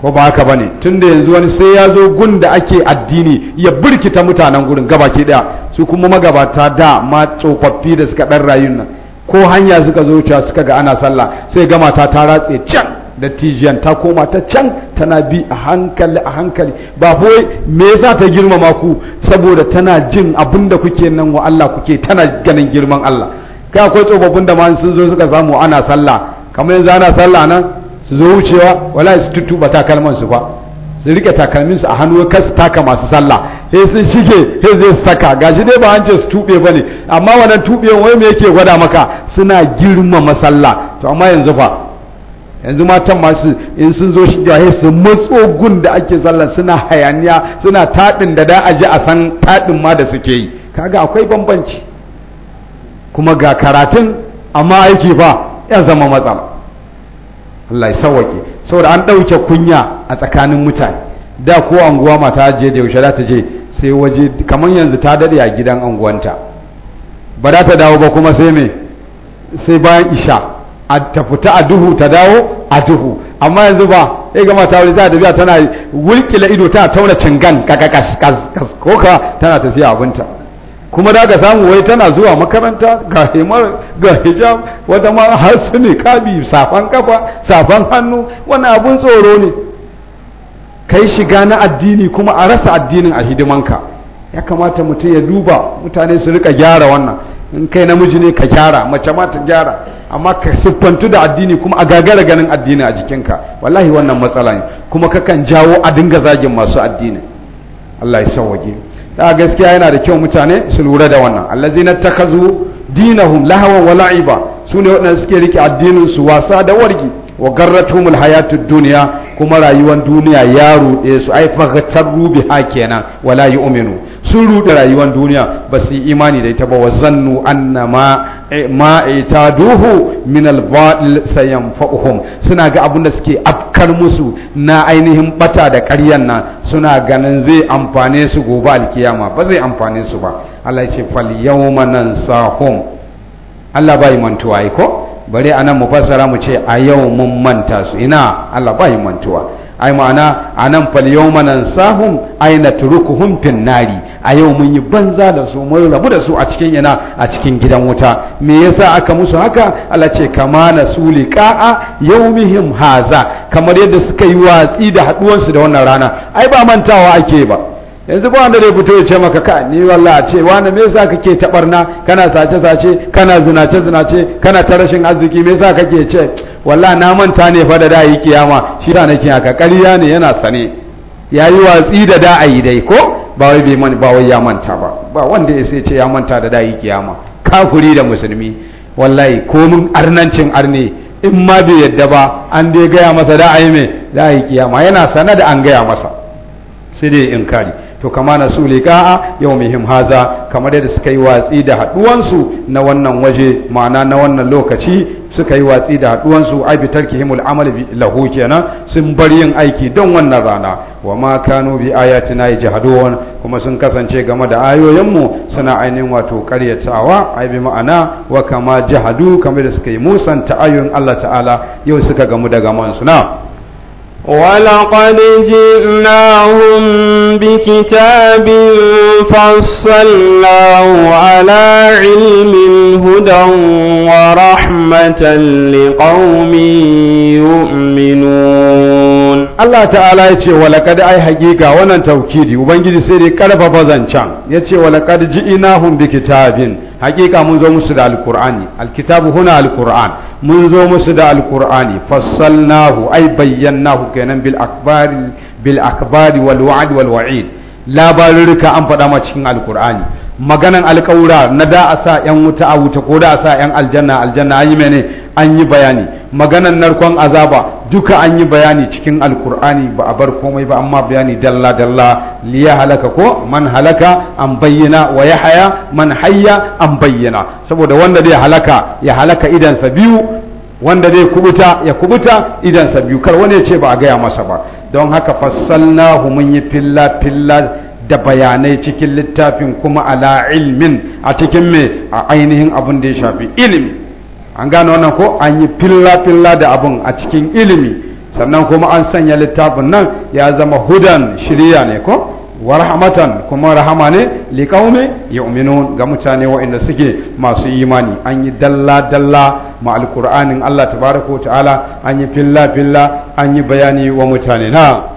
ko ba haka bane tunda yanzu wani sai ya zo gun da ake addini ya birkita mutanen gurin gabaki daya su kuma magabata da ma tsofaffi da suka ɗan rayu nan ko hanya suka zo wucewa suka ga ana sallah sai gamata ta ta ratse can da tijiyan ta koma ta can tana bi a hankali a hankali ba kawai me yasa ta girmama ku saboda tana jin abinda kuke nan wa Allah kuke tana ganin girman Allah kai akwai tsofaffin da ma sun zo suka samu ana sallah kamar yanzu ana sallah nan su zo wucewa wallahi su tuttuba takalman su fa su rike takalmin su a hannu su taka masu sallah sai sun shige sai zai saka gashi dai ba hance su tube bane amma wannan tube wai me yake gwada maka suna girmama sallah to amma yanzu fa yanzu matan masu in sun zo shi he su matso da ake sallah suna hayaniya suna taɗin da da a ji a san taɗin ma da suke yi kaga akwai bambanci kuma ga karatun amma aiki fa ya zama matsala Allah ya sawwake saboda an ɗauke kunya a tsakanin mutane da ko anguwa mata je da yaushe za ta je sai waje kamar yanzu ta daɗe a gidan anguwanta ba za ta dawo ba kuma sai me sai bayan isha a ta fita a duhu ta dawo a duhu amma yanzu ba e gama ta wuri za ta biya tana wulkila ido tana tauna cingan kakakas ko ka tana tafiya abinta kuma da ka samu wai tana zuwa makaranta ga himar ga hijab wata ma har su ne kabi safan kafa safan hannu wani abun tsoro ne kai shiga na addini kuma a rasa addinin a hidimanka ya kamata mutum ya duba mutane su rika gyara wannan in kai namiji ne ka gyara mace ma ta gyara amma ka siffantu da addini kuma a gagara ganin addini a jikinka wallahi wannan matsala ne kuma kakan jawo a dinga zagin masu addini Allah ya sauwaje da gaskiya yana da kyau mutane su lura da wannan na takazu dinahum lahawan wa la'iba sune waɗanda suke rike addinin su wasa da wargi wa garratumul hayatu duniya kuma rayuwar duniya ya ruɗe su ai fagatar rubi biha kenan wala yu'minu sun rute rayuwar duniya ba su yi imani da ita ba wa zannu anna ma eh, ma duhu min al sayan sayanfa'uhum suna ga abin da suke afkar musu na ainihin bata da ƙaryan nan suna ganin zai amfane su gobe alkiyama ba zai amfane su ba Allah ya ce fal yawma nansahum Allah bai mantuwa ai ko bare anan mu fassara mu ce a yau mun manta su ina Allah bai mantuwa ai ma'ana anan fal yawma nansahum aina turukuhum fin nari a yau mun yi banza da su mun rabu da su a cikin yana a cikin gidan wuta me yasa aka musu haka Allah ce kama na su liqa'a yawmihim haza kamar yadda suka yi watsi da su da wannan rana ai ba mantawa ake ba yanzu ba wanda zai fito ya ce maka ka ni wallahi ce wani me yasa kake tabarna kana sace sace kana zinace zinace kana ta rashin arziki me yasa kake ce wallahi na manta ne fa da da kiyama shi da nake haka ƙarya ne yana sane yayi watsi da da ayi dai ko ba wai bai mani ba wai ya manta ba ba wanda ya sai ce ya manta da dai kiyama kafuri da musulmi wallahi komin arnancin arne in ma bai yadda ba an dai gaya masa da ayi mai da yi kiyama yana sana da an gaya masa sai dai inkari to kama na su liqa'a yawmihim haza kamar yadda suka yi watsi da haduwansu na wannan waje ma'ana na wannan lokaci suka yi watsi da haduwansu ai bi tarkihim al-amal lahu kenan sun bar yin aiki don wannan rana wa ma kanu bi ayatina yajhadun kuma sun kasance game da ayoyinmu suna ainihin wato karyatawa ai bi ma'ana wa kama jahadu kamar da suka yi musanta ayoyin Allah ta'ala yau suka gamu daga man na ولقد جئناهم بكتاب فصلناه على علم هدى ورحمة لقوم يؤمنون الله تعالى يتي ولقد أي حقيقة وانا توكيدي وبنجي سيري كرفة بزنشان يتي ولقد جئناهم بكتاب hakika mun zo musu da alkur'ani alkitabu huna alkur'an mun zo musu da alkur'ani fassalnahu ai bayyanahu kenan bil akbari bil akbari wal wa'd wal wa'id an faɗa ma cikin alkur'ani. maganan alƙawura na da a sa yan wuta a wuta ko da a sa yan aljanna aljanna an yi mene an yi bayani maganan narkon azaba duka an yi bayani cikin alkur'ani ba a bar komai ba amma bayani dalla dalla liya halaka ko man halaka an bayyana wa ya haya man hayya an bayyana saboda wanda zai halaka ya halaka idansa biyu wanda zai kubuta ya kubuta idansa biyu kar wani ya ce ba a gaya masa ba don haka fassalnahu mun yi filla filla da bayanai cikin littafin kuma ala ilmin a cikin mai a ainihin abin da ya shafi ilimi an gane wannan ko an yi filla-filla da abun a cikin ilimi sannan kuma an sanya littafin nan ya zama hudan shirya ne ko wa rahmatan kuma rahama ne liƙaume yu'minun ga mutane waɗanda suke masu imani an yi dalla-dalla ma alƙur'anin Allah tabaraka wa ta'ala an yi filla-filla an yi bayani wa mutane na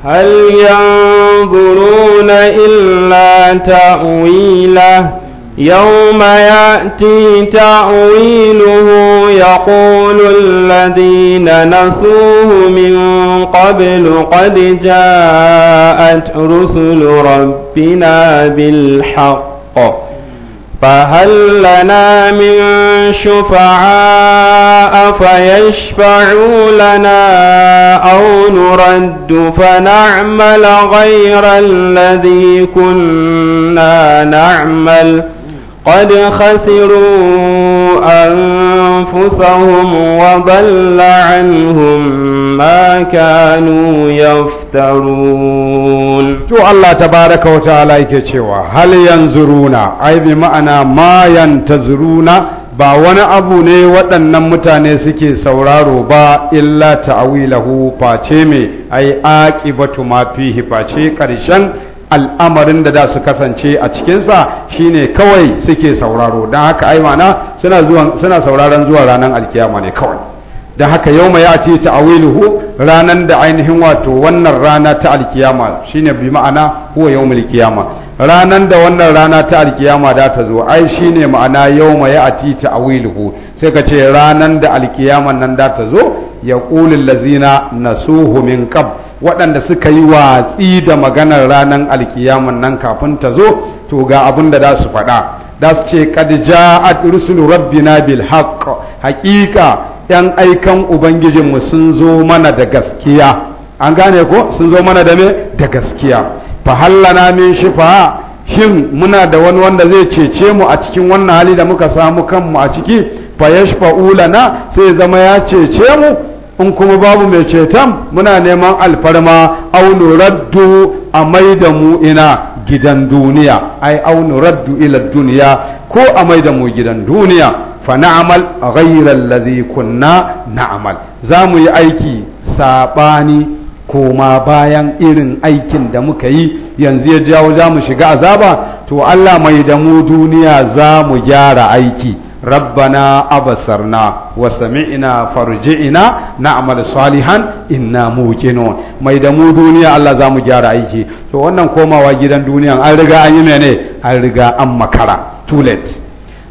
هل ينظرون illa تأويله يوم يأتي تأويله يقول الذين نسوه من قبل قد جاءت رسل ربنا بالحق فهل لنا من شفعاء فيشفعوا لنا أو نرد فنعمل غير الذي كنا نعمل قد خسروا أنفسهم وضل عنهم ما كانوا يفترون شو الله تبارك وتعالى يكتشوا هل ينظرون أي بمعنى ما ينتظرون ba wani abu ne waɗannan mutane suke sauraro ba illa ta'awilahu face mai ai aqibatu ma fihi face ƙarshen al'amarin da za su kasance a cikinsa shine kawai suke sauraro don haka ai ma'ana suna sauraron zuwa ranar alkiyama ne kawai don haka yau mai ce ta awiluhu ranar da ainihin wato wannan rana ta alkiyama shine bi ma'ana huwa yau alkiyama. ranar da wannan rana ta alkiyama da ta zo ai shine ma'ana yau mai ati ta awiluhu sai ka ce ranar da alkiyaman nan da ta zo ya ƙulin lazina nasuhu min kab waɗanda suka yi watsi da maganar ranar alkiyamun nan kafin ta zo to ga abin da za su faɗa da su ce kad ja'at rusulu rabbina bil haqq haqiqa yan aikan ubangijinmu sun zo mana da gaskiya an gane ko sun zo mana da me da gaskiya fa hallana min shifa shin muna da wani wanda zai cece mu a cikin wannan hali da muka samu kanmu a ciki fa na lana sai zama ya cece mu in kuma babu mai ceton muna neman alfarma aunu raddu a maida mu ina gidan duniya ai aunu raddu ila duniya ko a maida mu gidan duniya fa na'amal ghayra allazi kunna na'amal za mu yi aiki sabani koma bayan irin aikin da muka yi yanzu ya jawo za mu shiga azaba to Allah mai da mu duniya za mu gyara aiki rabbana abasarna wa sami'na farji'na na'mal salihan inna muqinun mai da mu duniya Allah za mu gyara aiki to wannan komawa gidan duniya an riga an yi mene an riga an makara too late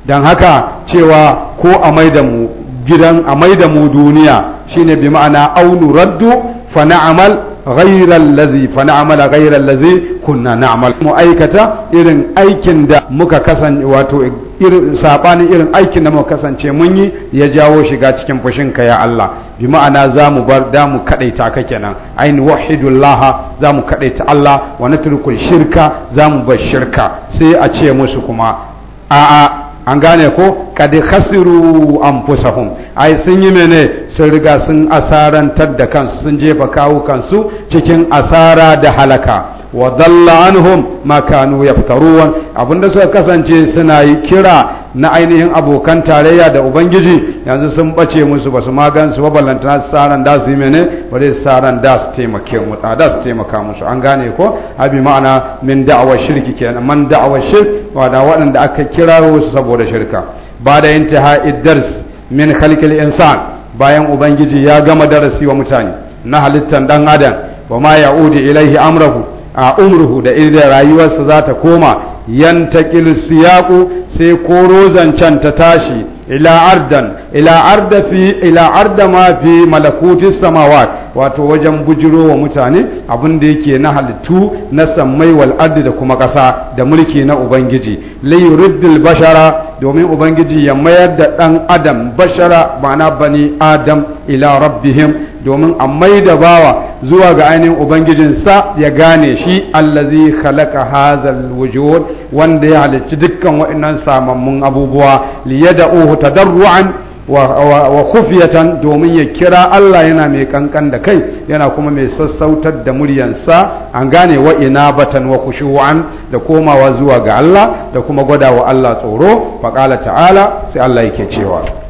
dan haka cewa ko a mai da mu gidan a mai da mu duniya shine bi ma'ana aunu raddu fa na'mal ghayra allazi fa na'mala ghayra allazi kunna na'mal mu aikata irin aikin da muka kasance wato irin sabanin irin aikin da muka kasance mun yi ya jawo shiga cikin fashin kaya Allah bi na za mu bar da mu kadaita ka kenan ain wahidullah za mu ta Allah wa natrukul shirka za mu bar shirka sai a ce musu kuma a'a an gane ko kadi khasiru anfusahum ai sun yi mene sun riga sun asarantar da kansu sun jefa kawo kansu cikin asara da halaka wa dalla anhum ma yaftaruwan abinda suka kasance suna yi kira na ainihin abokan tarayya da ubangiji yanzu sun bace musu ba su su ba ballantana su saran da su yi mene ba dai saran da su taimake mu da su taimaka musu an gane ko abi ma'ana min da'awa shirki kenan man da'awa shirk wa da waɗanda aka kira su saboda shirka ba da ta iddars min khalqil insan bayan ubangiji ya gama darasi wa mutane na halittan dan adam wa ma ya'udi ilaihi amrahu a umruhu da irin rayuwarsa za ta koma yantaƙil siyaƙu sai ko rozan ta tashi ila ardan إلى arda في إلى أرض ma في ملكوت samawat wato wajen bujiro wa mutane abin da yake na halittu na sammai wal ardi da kuma ƙasa da mulki na ubangiji li bashara domin ubangiji ya mayar da ɗan adam bashara ma'ana bani adam ila rabbihim domin a mai da bawa zuwa ga ainihin ubangijinsa ya gane shi allazi khalaqa hazal wujud wanda ya halicci dukkan wa'annan samammun abubuwa liyada'uhu tadarru'an wa khufiyatan domin ya kira Allah yana mai kankan da kai yana kuma mai sassautar da muryansa an gane wa inabatan wa khushu'an da komawa zuwa ga Allah da kuma gwadawa Allah tsoro faqala ta'ala sai Allah yake cewa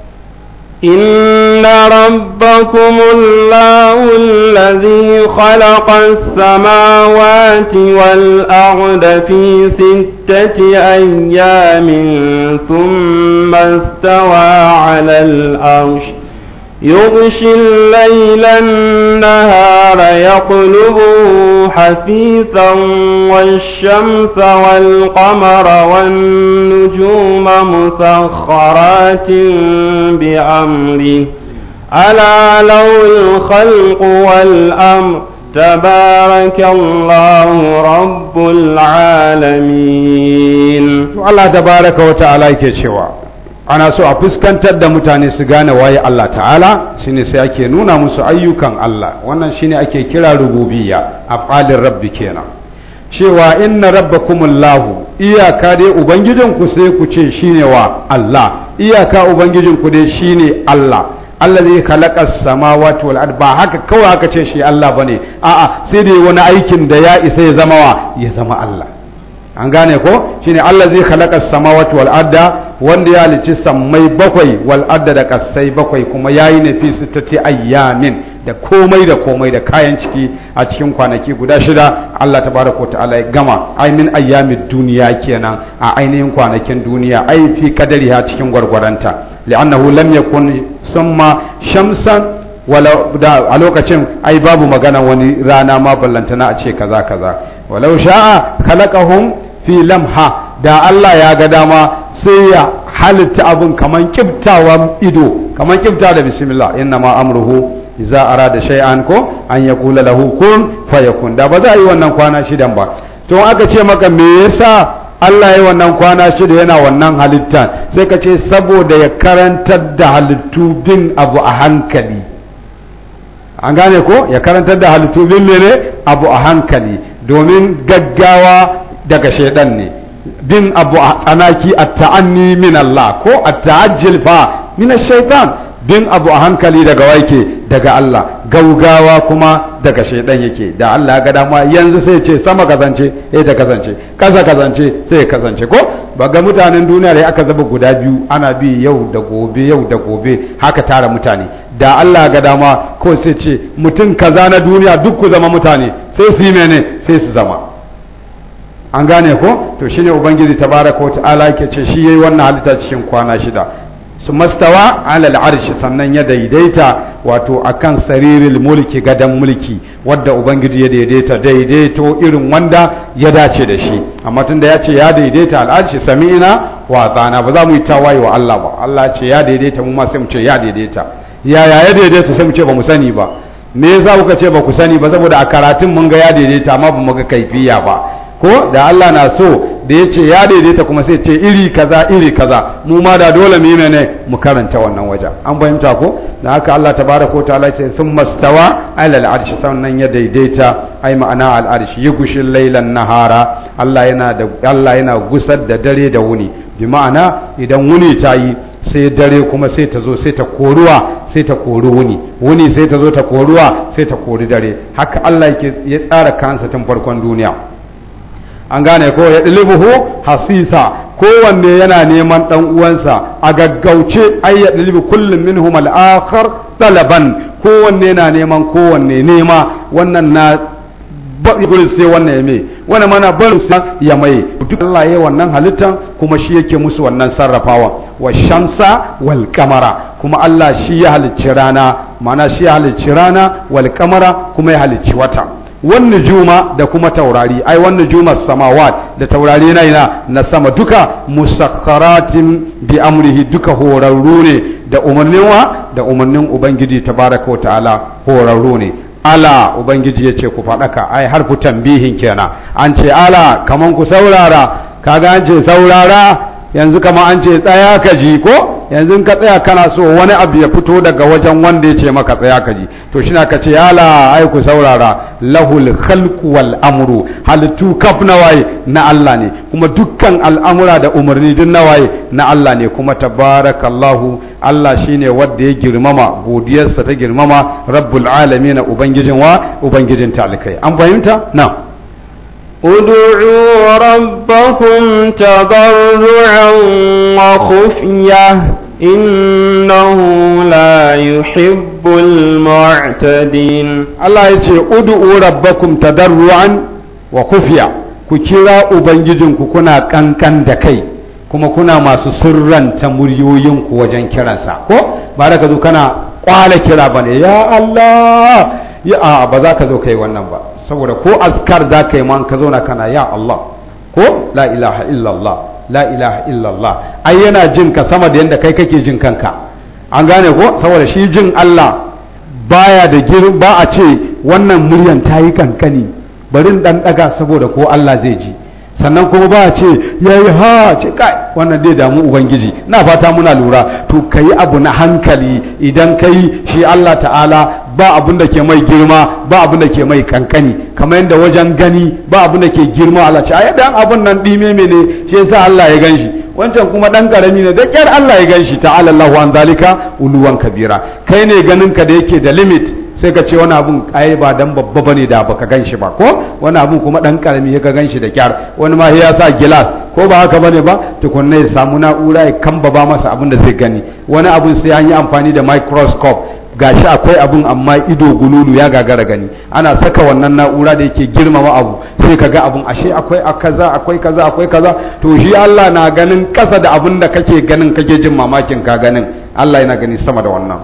إن ربكم الله الذي خلق السماوات والأرض في ستة أيام ثم استوى على الأرش يغشي الليل النهار يطلبه حثيثا والشمس والقمر والنجوم مسخرات بأمره ألا له الخلق والأمر تبارك الله رب العالمين الله تبارك وتعالى كشوا ana so a fuskantar da mutane su gane waye Allah ta'ala shine sai ake nuna musu ayyukan Allah wannan shine ake kira rububiyya afalin rabbi kenan cewa inna rabbakumullahu iyaka dai ubangijinku sai ku ce shine wa Allah iyaka ubangijinku dai shine Allah Allah zai khalaqa samawati wal ard ba haka kawai aka ce shi Allah bane a'a sai dai wani aikin da ya isa ya zama wa ya zama Allah an gane ko shine Allah zai khalaqa sama wal wal'ada wanda ya halicci sammai bakwai wal da kasai bakwai kuma yayi ne fi sittati ayyamin da komai da komai da kayan ciki a cikin kwanaki guda shida Allah tabaraka ta'ala ya gama aimin ayyamin duniya kenan a ainihin kwanakin duniya ai fi kadariha cikin gwargwaranta li'annahu lam yakun summa shamsan wala da a lokacin ai babu magana wani rana ma ballantana a ce kaza kaza walau sha'a khalaqahum fi lamha da Allah ya ga dama sai ya halitta abin kaman kiftawa ido kaman kifta da bismillah inna ma amruhu idza arada shay'an ko an yaqula lahu kun fayakun da ba za a yi wannan kwana shidan ba to aka ce maka me yasa Allah ya wannan kwana shida yana wannan halitta sai ka ce saboda ya karantar da halittu bin abu a hankali an gane ko ya karantar da halittu bin mene abu a hankali domin gaggawa daga shaidan ne bin abu a tsanaki a ta'anni min Allah ko a ta'ajjil fa min shaitan bin abu a hankali daga waike daga Allah gaugawa kuma daga shaidan yake da Allah ga dama yanzu sai ce sama kazance eh sai ta kazance kasa kazance sai kazance ko ba ga mutanen duniya da aka zaba guda biyu ana bi yau da gobe yau da gobe haka tara mutane da Allah ga dama ko sai ce mutum kaza na duniya duk ku zama mutane sai su yi mene sai su zama an gane ko to shine ubangiji tabaraka wa ta'ala yake ce shi yayi wannan halitta cikin kwana shida su mastawa alal arshi sannan ya daidaita wato akan sariril mulki gadan mulki wadda ubangiji ya daidaita daidaito irin wanda ya dace da shi amma tunda ya ce ya daidaita al'arshi sami'ina wa tsana ba za mu yi tawaye wa Allah ba Allah ce ya daidaita mu ma sai mu ce ya daidaita yaya ya daidaita sai mu ce ba mu sani ba me yasa kuka ce ba ku sani ba saboda a karatun mun ga ya daidaita amma ba mu ga kaifiya ba ko da Allah na so da ya ce ya daidaita kuma sai ce iri kaza iri kaza mu ma da dole mu yi mene mu karanta wannan wajen an fahimta ko da haka Allah tabaraka wa ta'ala ce sun mastawa alal arshi sannan ya daidaita ai ma'ana al arshi ya gushi lailan nahara Allah yana da Allah yana gusar da dare da wuni bi ma'ana idan wuni ta yi sai dare kuma sai ta zo sai ta koruwa sai ta kori wuni wuni sai ta zo ta koruwa sai ta kori dare haka Allah yake ya tsara kansa tun farkon duniya an gane ko ya ɗilibuhu hasisa kowanne yana neman ɗan uwansa a gaggauce ai ya ɗilibu kullum minhum al'akhar ɗalaban kowanne na neman kowanne nema wannan na baɗi gurin sai wannan ya mai wannan mana barin ya mai duk Allah ya wannan halittan kuma shi yake musu wannan sarrafawa wa shamsa wal kamara kuma Allah shi ya halicci rana mana shi ya halicci rana wal kamara kuma ya halicci wata wannan juma da kuma taurari ai wannan juma samawat da taurari na ina na sama duka musakharatin bi amrihi duka horarru ne da umarnin wa da umarnin ubangiji tabaraka ta'ala horarru ne ala ubangiji ya ce ku faɗaka ai har ku tambihin kenan an ce ala kaman ku saurara kaga an ce saurara yanzu kama an ce tsaya ka ji ko yanzu ka tsaya kana so wani abu ya fito daga wajen wanda ya ce maka tsaya ka ji to shi na ka ce yala ai saurara lahul khalqu wal amru halittu kaf nawaye na Allah ne kuma dukkan al'amura da umarni din nawaye na Allah ne kuma tabarakallahu Allah shine wanda ya girmama godiyarsa ta girmama rabbul alamin ubangijin wa ubangijin talikai an fahimta na. ادعوا ربكم تضرعا وخفية إنه لا يحب المعتدين الله يقول ادعوا ربكم تضرعا وخفية كتيرا أبنجدن كنا كان كان دكي كما كنا ما سسرا تمريو تمريوين كوجن كرنسا بارك دو كنا قال كرابا يا الله يا أبا ذاك دو كي ونبا saboda ko askar za ka yi man ka zauna kana ya Allah ko la ilaha illallah la ilaha illallah ai yana jin ka sama da yadda kai kake jin kanka an gane ko saboda shi jin Allah baya da girin ba a ce wannan muryan ta yi kankani barin dan daga saboda ko Allah zai ji sannan kuma ba a ce yayi ha ce kai wannan dai damu ubangiji na fata muna lura to kai abu na hankali idan kai shi Allah ta'ala ba abin da ke mai girma ba abin da ke mai kankani kamar yadda wajen gani ba abin da ke girma Allah ce a yadda abin nan dime me ne shi yasa Allah ya ganshi wancan kuma dan karami ne da kyar Allah ya ganshi ta'ala Allahu an zalika uluwan kabira kai ne ganin ka da yake da limit sai ka ce wani abun ai ba dan babba bane da baka ganshi ba ko wani abun kuma dan karami ya ka ganshi da kyar wani ma ya sa gilas ko ba haka bane ba tukunna ya samu na'ura ya kamba ba masa abin da zai gani wani abun sai an yi amfani da microscope gashi akwai abun amma ido gululu ya gagara gani ana saka wannan na'ura da yake girmama abu sai ka ga abun ashe akwai kaza akwai kaza akwai kaza to shi Allah na ganin kasa da abun da kake ganin kake jin mamakin ka ganin Allah yana gani sama da wannan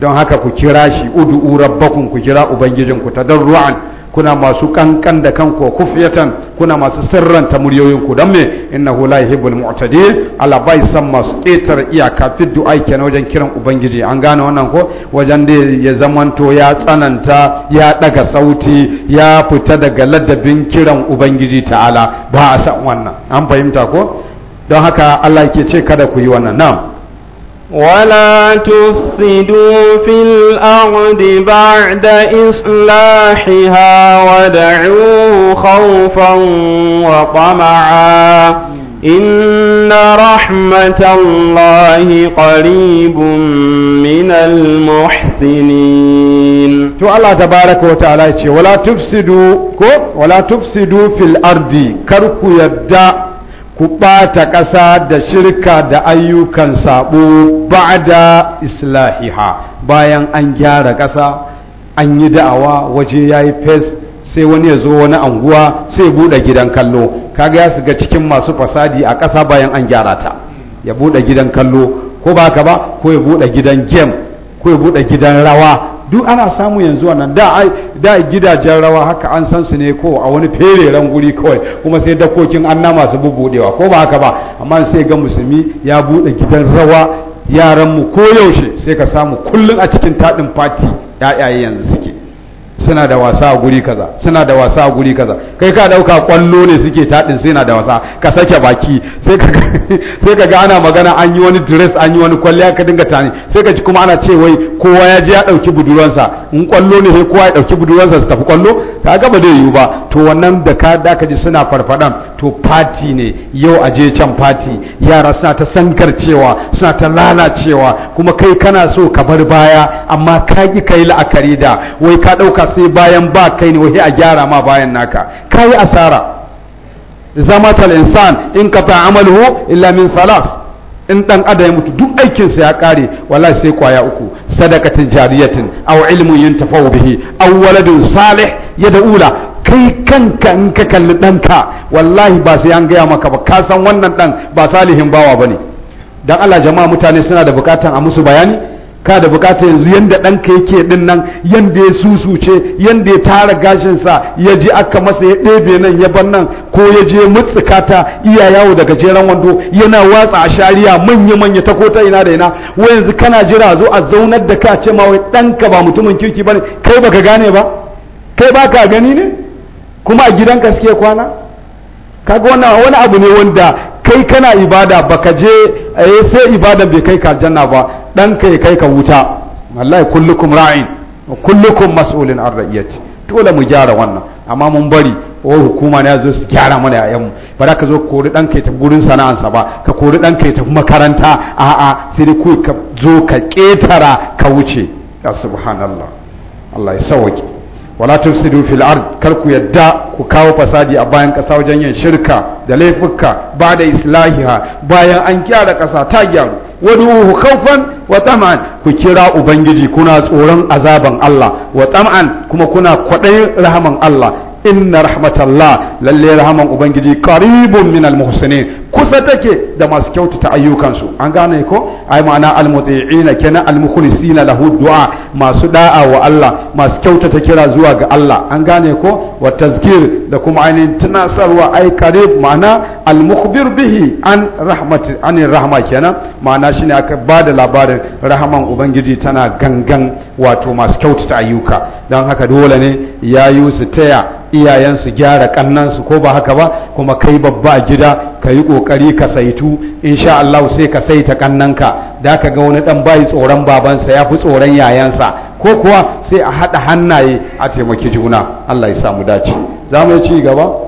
don haka ku kira shi udu'u rabbakum ku kira ubangijinku tadarruan kuna masu kankan da kanku ku kufyatan kuna masu sirranta muryoyinku don me innahu la yuhibbul mu'tadi ala bai san masu ƙetar iyaka fi du'ai kenan wajen kiran ubangiji an gane wannan ko wajen da ya zamanto ya tsananta ya daga sauti ya fita daga ladabin kiran ubangiji ta'ala ba a san wannan an fahimta ko don haka Allah yake ce kada ku yi wannan na'am ولا تفسدوا في الأرض بعد إصلاحها ودعوه خوفا وطمعا إن رحمة الله قريب من المحسنين تو الله تبارك وتعالى ولا تفسدوا ولا تفسدوا في الأرض كركو يبدأ ku ɓata ƙasa da shirka da ayyukan saɓo ba'da islahiha bayan an gyara ƙasa an yi da'awa waje ya yi fes sai wani ya zo wani anguwa sai buɗe gidan kallo kaga ya shiga cikin masu fasadi a ƙasa bayan an gyara ta ya buɗe gidan kallo ko ba ka ba ko ya buɗe gidan game ko ya buɗe gidan rawa duk ana samu yanzu wannan da da gidajen rawa haka an san su ne ko a wani fereren guri kawai kuma sai dakokin anna masu bubudewa ko ba haka ba amma sai ga musulmi ya bude gidan rawa yaran mu koyaushe sai ka samu kullun a cikin tadin fati yayaye yanzu suke suna da wasa a guri kaza suna da wasa a guri kaza kai ka dauka kwallo ne suke tadin suna da wasa ka sake baki [LAUGHS] sai ka ga ana magana an yi wani dress an yi wani kwalliya ka dinga tani sai ka ji kuma ana ce wai kowa ya je ya ɗauki budurwansa in kwallo ne sai kowa ya ɗauki budurwansa su tafi kwallo ka ga ba zai yiwu ba to wannan da ka da ka ji suna farfadan to fati ne yau a je can fati yara suna ta cewa suna ta lalacewa kuma kai kana so ka bar baya amma ka ki kai la'akari da wai ka ɗauka sai bayan ba kai ne wai a gyara ma bayan naka ka yi asara zama tal insan in ka ta'amalu illa min salas in dan adam ya mutu duk aikin sa ya kare wallahi sai kwaya uku sadakatin jariyatin aw ilmun yuntafau bihi aw waladun salih ya da'ula kai kanka in ka kalli ɗanka wallahi ba sai an gaya maka ba ka san wannan ɗan ba salihin bawa ba ne don allah jama'a mutane suna da bukatan a musu bayani ka da bukata yanzu yadda ɗanka yake ɗin nan yadda ya susuce yadda ya tara gashinsa ya ji aka masa ya ɗebe nan ya ban nan ko ya je mutsukata iya yawo daga jeren wando yana watsa a shariya manya-manya ta kota ina da ina wa yanzu kana jira zo a zaunar da ka ce ma wai ɗanka ba mutumin kirki ba ne kai baka gane ba kai ba ka gani ne kuma a gidanka suke kwana kaga wannan wani abu ne wanda kai kana ibada baka je eh sai ibada bai kai ka janna ba dan kai kai ka wuta wallahi kullukum ra'in wa kullukum mas'ulun an ra'iyati dole mu gyara wannan amma mun bari wai hukuma ne zo su gyara mana yayanmu ba za ka zo kori dan kai ta gurin sana'ansa ba ka kori dan kai ta makaranta a'a sai dai ku ka zo ka ketara ka wuce subhanallah Allah ya sauke wala tufsidu fil ard kar ku yadda ku kawo fasadi a bayan ƙasa wajen yin shirka da laifuka ba da islahiha bayan an gyara ƙasa ta gyaru waduhu khawfan wa tam'an ku kira ubangiji kuna tsoron azaban Allah wa tam'an kuma kuna kwaɗayin rahaman Allah inna rahmatallah lalle rahaman ubangiji qaribun min almuhsinin kusa take da masu kyautata ayyukansu an gane ko ai ma'ana almuti'ina kana na lahu du'a masu da'a wa Allah masu kyautata kira zuwa ga Allah an gane ko wa tazkir da kuma ainihin tunasarwa ai karib ma'ana al-mukhbir bihi an rahmati an rahma kenan ma'ana shine aka bada labarin rahman ubangiji tana gangan wato masu kyautata ayyuka dan haka dole ne yayu su taya iyayensu gyara kannansu ko ba haka ba kuma kai babba gida ka yi ƙoƙari ka saitu in sha Allah sai ka saita ƙannanka da ka ga wani ɗan bayi tsoron babansa ya fi tsoron yayansa ko kuwa sai a haɗa hannaye a taimaki juna Allah ya samu dace za mu ci gaba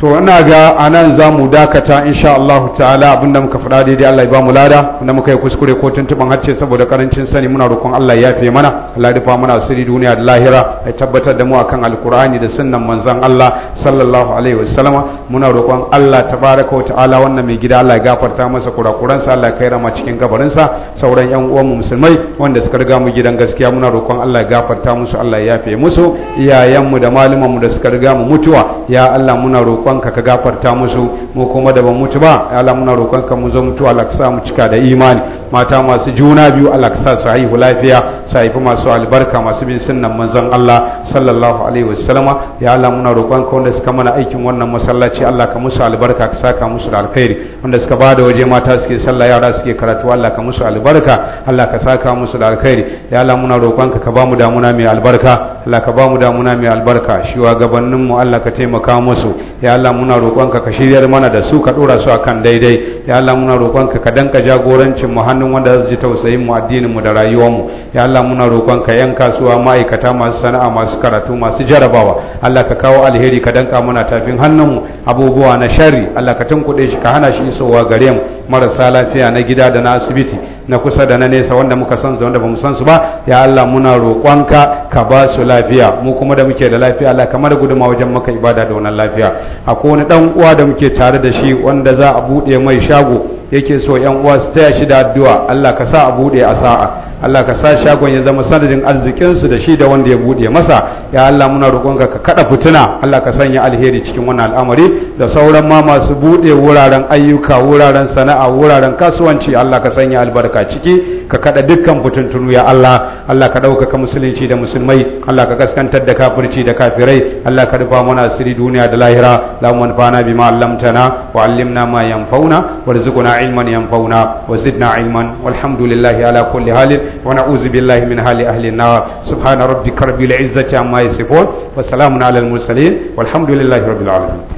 to ina ga a nan za mu dakata insha Allah ta'ala abinda muka faɗa daidai Allah ya ba mu lada da muka yi kuskure ko tuntuɓin harce saboda karancin sani muna roƙon Allah ya yafe mana Allah ya mana asiri duniya da lahira ya tabbatar da mu akan alkur'ani da sunnan manzon Allah sallallahu alaihi wasallam muna roƙon Allah tabaraka wa ta'ala wannan mai gida Allah ya gafarta masa kurakuransa Allah ya kai rama cikin gabarinsa sauran yan uwan mu musulmai wanda suka riga mu gidan gaskiya muna roƙon Allah ya gafarta musu Allah ya yafe musu iyayenmu da malamanmu da suka riga mu mutuwa ya Allah muna roƙon roƙonka ka gafarta musu mu kuma da ban mutu ba ya Allah muna roƙonka mu zo mutu alaksa mu cika da imani mata masu juna biyu alaksa su haihu lafiya su haifi masu albarka masu bin sunnan manzon Allah sallallahu alaihi wasallama ya Allah muna roƙonka wanda suka mana aikin wannan masallaci Allah ka musu albarka ka saka musu da alkhairi wanda suka bada waje mata suke sallah yara suke karatu Allah ka musu albarka Allah ka saka musu da alkhairi ya Allah muna roƙonka ka ba mu damuna mai albarka Allah ka ba mu damuna mai albarka shi wa gabaninmu Allah ka taimaka musu ya Allah muna roƙonka ka shiryar mana da su ka ɗora su akan daidai ya Allah muna roƙonka ka danka jagorancin mu hannun wanda zai ji tausayin mu addinin mu da rayuwar mu ya Allah muna roƙonka yan kasuwa ma'aikata masu sana'a masu karatu masu jarabawa Allah ka kawo alheri ka danka mana tafin hannun mu abubuwa na sharri Allah ka tunkuɗe shi ka hana shi isowa gare mu marasa lafiya na gida da na asibiti na kusa da na nesa wanda muka san su da wanda bamu san su ba ya Allah muna roƙonka ka ba su lafiya mu kuma da muke da lafiya Allah kamar guduma wajen maka ibada da wannan lafiya akwai wani ɗan uwa da muke tare da shi wanda za a buɗe mai shago yake so yan uwa su taya shi da addu'a Allah ka sa a bude a sa'a Allah ka sa shagon ya zama sanadin arzikin su da shi da wanda ya bude masa ya Allah muna roƙonka ka kada fituna Allah ka sanya alheri cikin wannan al'amari da sauran ma masu bude wuraren ayyuka wuraren sana'a wuraren kasuwanci Allah ka sanya albarka ciki ka kada dukkan fituntunu ya Allah Allah ka ɗaukaka musulunci da musulmai Allah ka kaskantar da kafirci da kafirai Allah ka rufa mana asiri duniya da lahira la manfa'ana bima allamtana wa allimna ma yanfa'una warzuqna علما ينفعنا وزدنا علما والحمد لله على كل حال ونعوذ بالله من حال أهل النار سبحان ربك رب العزة عما يصفون وسلام على المرسلين والحمد لله رب العالمين